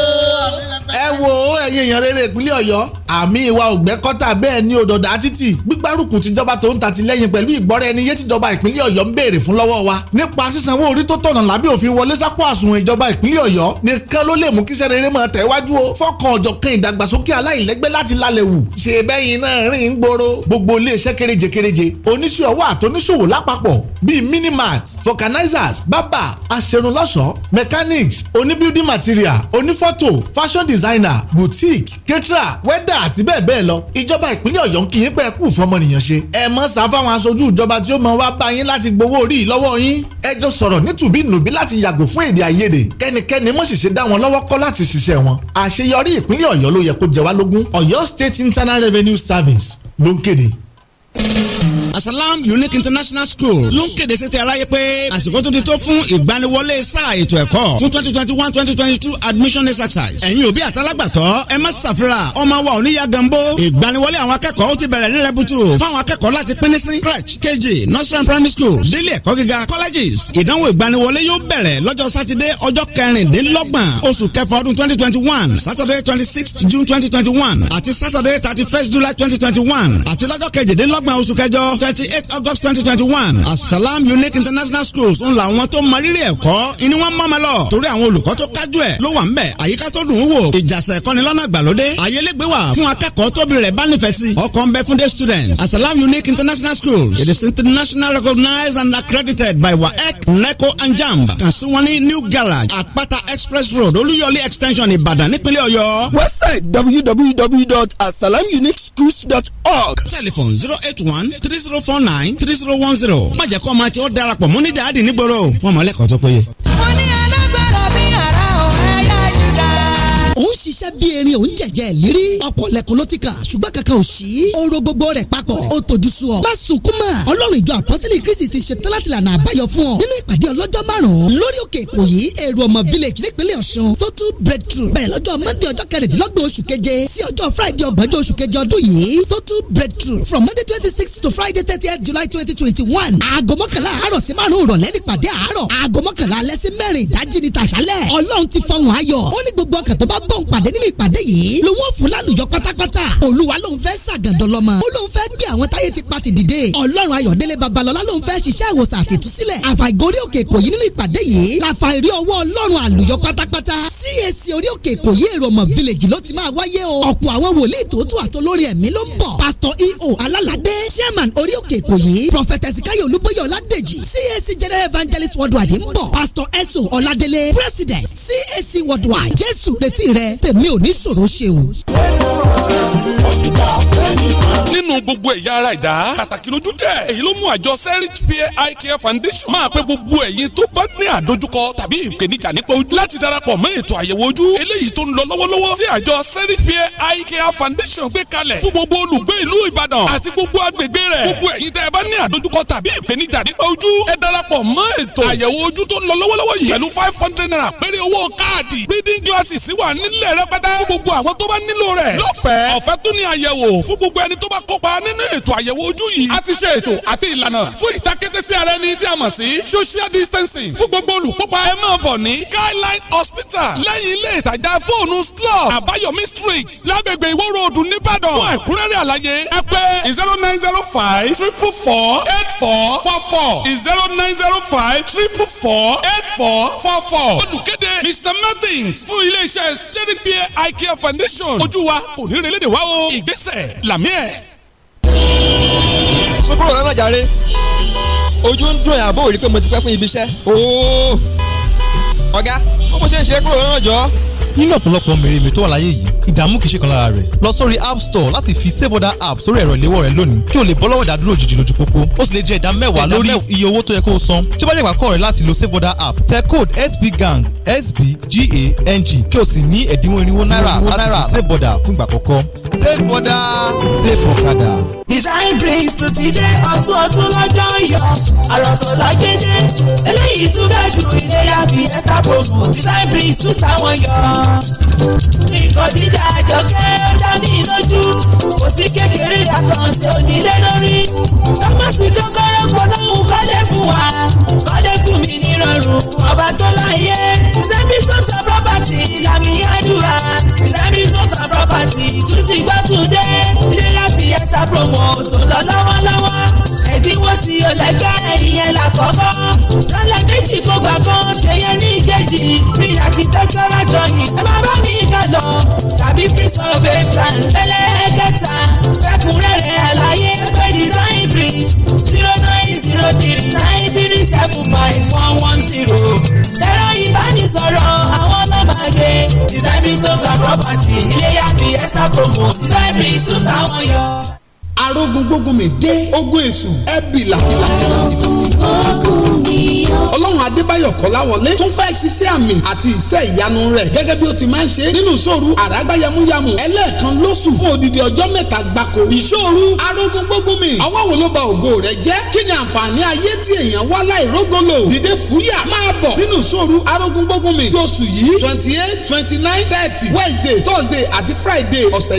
ẹ wo ẹ̀yin èèyàn rere ìpínlẹ̀ ọ̀yọ́ àmì ìwà ògbẹ́kọ́tà bẹ́ẹ̀ ni òdòdà títì gbígbárùkù tìjọba tó ń ta tìlẹ́yìn pẹ̀lú ìgbọ́ra ẹni yé tìjọba ìpínlẹ̀ ọ̀yọ́ ń béèrè fún lọ́wọ́ wa nípa sísanwó orí tó tọ̀nà lábẹ́ òfin wọlé sápò àsùnwọ̀n ìjọba ìpínlẹ̀ ọ̀yọ́ nìkan ló lè mú kíṣẹ́ rere máa tẹ̀ wájú o fọ́kàn ọ̀jọ̀kan ìdàgbàsókè aláìlẹ́gbẹ́ láti lálẹ́ wù ṣe bẹ́yìn náà rìn ń gbòòrò gbogbo iléeṣẹ́ kéréje kéréje oníṣòwò àtọ́níṣòwò lápapọ̀ bíi minimart vulcanizers bábà aṣerunlọ́ṣọ́ mechanics oníbuilding material onífọ́tò fashion design diner boutique caterer wẹ́dà àti bẹ́ẹ̀ bẹ́ẹ̀ lọ ìjọba ìpínlẹ̀ ọ̀yọ́ ń kíyìn pẹ́ kú fọmọnìyàn ṣe ẹ mọ́ sá fáwọn aṣojú ìjọba tí ó mọ wá bá yín láti gbowó orí lọ́wọ́ yín ẹ jọ sọ̀rọ̀ nítùbí nùbí láti yàgò fún èdè àìyedè kẹ́nikẹ́ni mọ̀ ṣẹ̀ṣẹ̀ dá wọn lọ́wọ́ kọ́ láti ṣiṣẹ́ wọn àṣeyọrí ìpínlẹ̀ ọ̀yọ́ ló yẹ kó jẹ wá lógún ọ̀yọ́ state internal revenue service ló ń kéde asalam unique international school ló ń kéde sí ti aráyé pé àsìkò tó ti tó fún ìgbaniwọlé sáà ètò ẹ̀kọ́ fún twenty twenty one twenty twenty two admission exercise ẹ̀yin òbí àtàlágbàtọ́ ẹ má ṣàfira ọmọ wa ò ní ya gambo ìgbaniwọlé àwọn akẹ́kọ̀ọ́ ó ti bẹ̀rẹ̀ ní rẹ́bùtù fáwọn akẹ́kọ̀ọ́ láti pín ní sí crèche kejì nursery primary school délé ẹ̀kọ́ gíga colleges ìdánwò ìgbaniwọlé yóò bẹ̀rẹ̀ lọ́jọ́ sátidé ọjọ́ kẹrìndínlọ́gbọ̀n oṣù kẹfà ọdún twenty twenty one saturday twenty sixth june twenty twenty one àti saturday thirty first july twenty twenty one àti lọ́jọ́ kejìdínlọ́gbọ̀n oṣù kẹjọ twenty eight august twenty twenty one asalam unique international schools ń la wọn tó mọrírì ẹ̀kọ́ ìní wọn mọ́mọ́ lọ torí àwọn olùkọ́ tó kájú ẹ̀ ló wà ń bẹ̀ àyíká tó dùn ún wò ìjàsẹ̀ kọ́ni lọ́nà gbàlódé ayélégbé wà fún akẹ́kọ̀ọ́ tóbi rẹ̀ bá nífẹ̀ẹ́ sí ọkàn bẹ fún day students asalam unique international schools it is internationally recognized and accredited by waec neco and jamb kàn sí wọn ní new garage àpáta express road olúyọlé extension ìbàdàn nípínlẹ̀ ọ̀yọ́. website www.asalamuniqueschools.org telephone zero eight one three zero zero four nine three zero one zero má jẹ́ kó ọmọ tí ó darapọ̀ mọ́ ní jáde nígboro fún ọmọlẹ́kọ̀ọ́ tó péye. mo ní alágbára bí ara o ṣiṣẹ́ bí erin òun jẹ̀jẹ̀ lérí ọ̀pọ̀ lẹ́kọ̀ọ́ ló ti kà ṣùgbọ́n kankan ò sí oró gbogbo rẹ̀ papọ̀ ó tòjú sú ọ. báṣu kúmà ọlọ́run ìjọ àpọ́sílẹ̀ kristi ti ṣe tẹ́lá tìlànà àbáyọ fún ọ nínú ìpàdé ọlọ́jọ́ márùn-ún lórí òkè èkó yìí èrò ọmọ village nípínlẹ̀ ọ̀ṣun sótú breakthrough bẹ̀rẹ̀ lọ́jọ́ monday ọjọ́ kẹrìndínlọ́gbọ̀n oṣù keje sí ọjọ́ friday ọgbọ̀njọ́ oṣù keje ọdún yìí sótú breakthrough from monday twenty six to friday thirtieth july twenty twenty one aago mọ́kànlá pàdé nínú ìpàdé yìí lòun ò fún lálùjọ pátápátá olúwa lòun fẹ́ ṣàgàdọ̀ lọ́mọ ó lòun fẹ́ gbé àwọn táyé ti pa ti dìde ọlọ́run ayọ̀délé babalọ́lá lòun fẹ́ ṣiṣẹ́ ìwòsàn àtìtúsílẹ̀ àfàìgórí òkè èkó yìí nínú ìpàdé yìí làfà ìrí ọwọ́ ọlọ́run àlùyọ pátápátá CAC orí òkè èkó yìí èrò ọmọ village ló ti máa wáyé o ọ̀pọ̀ àwọn wòlíì tòótọ́ àtolórí ẹ̀mí ló ń bọ̀ pásítọ̀ EO alálàdé chairman orí òkè èkó yìí prọfẹtẹsì káyọ̀ olúbóyè ọ̀làdèjì CAC general evangelist worldwide ń bọ̀ pásítọ̀ ẹ̀sùn ọ̀làdélé president CAC worldwide jésù retí rẹ tèmi ò ní ṣòro ṣe o. nínú gbogbo ẹ̀yà ara ìdá pàtàkì lójú tẹ̀ èyí ló mú àjọ serich peer eye care foundation máa pé gbogbo ẹ̀yin tó bá ní àdójúkọ tàbí ìpèníjà nípa ojú láti darapọ̀ mọ́ ètò àyẹ̀wò ojú eléyìí tó ń lọ lọ́wọ́lọ́wọ́ sí àjọ serich peer eye care foundation gbé kalẹ̀ fún gbogbo olùgbé ìlú Ìbàdàn àti gbogbo agbègbè rẹ̀ gbogbo ẹ̀yin tẹ́ ẹ bá ní àdójúkọ tàbí ìpèníjà nípa ojú ẹ darapọ̀ mọ́ ètò àyẹ̀wò ojú tó ń lọ lọ́wọ́lọ́wọ́ yìí pẹ̀lú five hundred naira péré owó káàdì reading glasses wà nílẹ̀ ìpínlẹ̀ rẹ pátá fún gbogbo àwọn tó bá nílò rẹ̀ lọ́fẹ̀ẹ́ ọ̀fẹ́ tún ní àyẹ̀wò fún gbogbo ẹni tó bá kópa nínú ètò àyẹ̀wò ojú yìí a ti ṣe ètò àti ìlànà fún ìtakété sí ara ẹni tí a mọ̀ sí social distancing fún gbogbo olùkópa ẹ máa bọ̀ ní skyline hospital lẹ́yìn ilé ìtajà fóònù slot àbáyọ̀mí street lágbègbè ìwó road nìbàdàn fún ẹ̀kúnrẹ́rẹ́ àlàyé ẹ pè zero nine zero five triple four eight four four four zero nine zero five triple four eight four four four olùkéde mr martins fún iléeṣẹ́ steering ABA Eye Care Foundation ojú wa kò ní relé de wa o ìgbésẹ̀ làmí ẹ̀. sọ́kúrò rẹ̀ náà jàre ojú ń dùn àbó rí pé mo ti pẹ́ fún ibi iṣẹ́. ọ̀gá bó ṣe ń ṣe kúrò náà jọ. nínú ọ̀pọ̀lọpọ̀ mèremè tó wà láyé yìí ìdààmú kìí ṣe kan lára rẹ̀ lọ sórí app store láti fi sébọ̀dà app sórí ẹ̀rọ ìléwọ́ rẹ lónìí kí o lè bọ́ lọ́wọ́ ìdádúró òjijì lójú pópó ó sì lè jẹ́ ìdá mẹ́wàá lórí iye owó tó yẹ kó o san tí ó bá jẹ́ ìpàkọ́ rẹ láti lo sébọ̀dà app tẹ code sbgang sbgang kí o sì ní ẹ̀dínwó irinwó náírà láti fi sébọ̀dà fún ìgbà àkọ́kọ́ sébọ̀dà save ọ̀kadà. design brings to ti dé ọ̀tún ọ̀tún lọ́jọ́ yọ ọ̀rọ̀ tó lọ eléyìí tún bẹ́ẹ̀ ju ìlera fi ẹ́ sábòbò dókítà àjọkẹ́ ó dá mi lójú kò sí kékeré àkànṣe onílé lórí tọ́mọ̀sí kọ́kọ́rọ́ polówó kọ́lé fún wa kọ́lé fún mi nírọ̀rùn ọba tó láyé sẹ́mi sọ́sọ́ pọ́pàtì làmì àdúrà sẹ́mi sọ́sọ́ pọ́pàtì tún ti gbọ́ ilé láti yẹsà promo tó lọ lọ́wọ́lọ́wọ́ tiwọ́tì ọ̀lẹ́fẹ́ ìyẹn làkọ́kọ́ lọ́lẹ̀ méjì kó gbà kan ṣe yẹn ní ìkejì bí àkìtẹ́kọ̀rọ̀ jọyìn ẹ má bá mi kà lọ tàbí prísọ̀bẹ̀ fàǹfẹ̀lẹ́kẹta fẹ́kùnrẹ́rẹ́ àlàyé pé design print zero nine zero three nine three seven five one one zero ẹ̀rọ ìbánisọ̀rọ̀ àwọn ọlọ́màgé design print homes and property ilé yàtì extra promo design print tún táwọn yọ arógun gbógun mi dé ogun èṣù ẹ bìlà bìlà bìlà ọlọ́run adébáyọ̀ kọ́láwọlé tún fẹ́ ṣiṣẹ́ àmì àti iṣẹ́ ìyanu rẹ̀ gẹ́gẹ́ bí ó ti máa ń ṣe nínú ìṣòro àrágbáyamúyamù ẹlẹ́ẹ̀kan lóṣù fún odidi ọjọ́ mẹ́ta gbáko ìṣòro arógun gbógunmi ọwọ́ wo ló ba ògo rẹ̀ jẹ́ kí ni àǹfààní ayé tí èèyàn wá láì rógolo dìde fúyà máa bọ̀ nínú ìṣòro arógun gbógunmi tí oṣù yìí twenty eight twenty nine thirty wednesday thursday àti friday ọ̀sẹ̀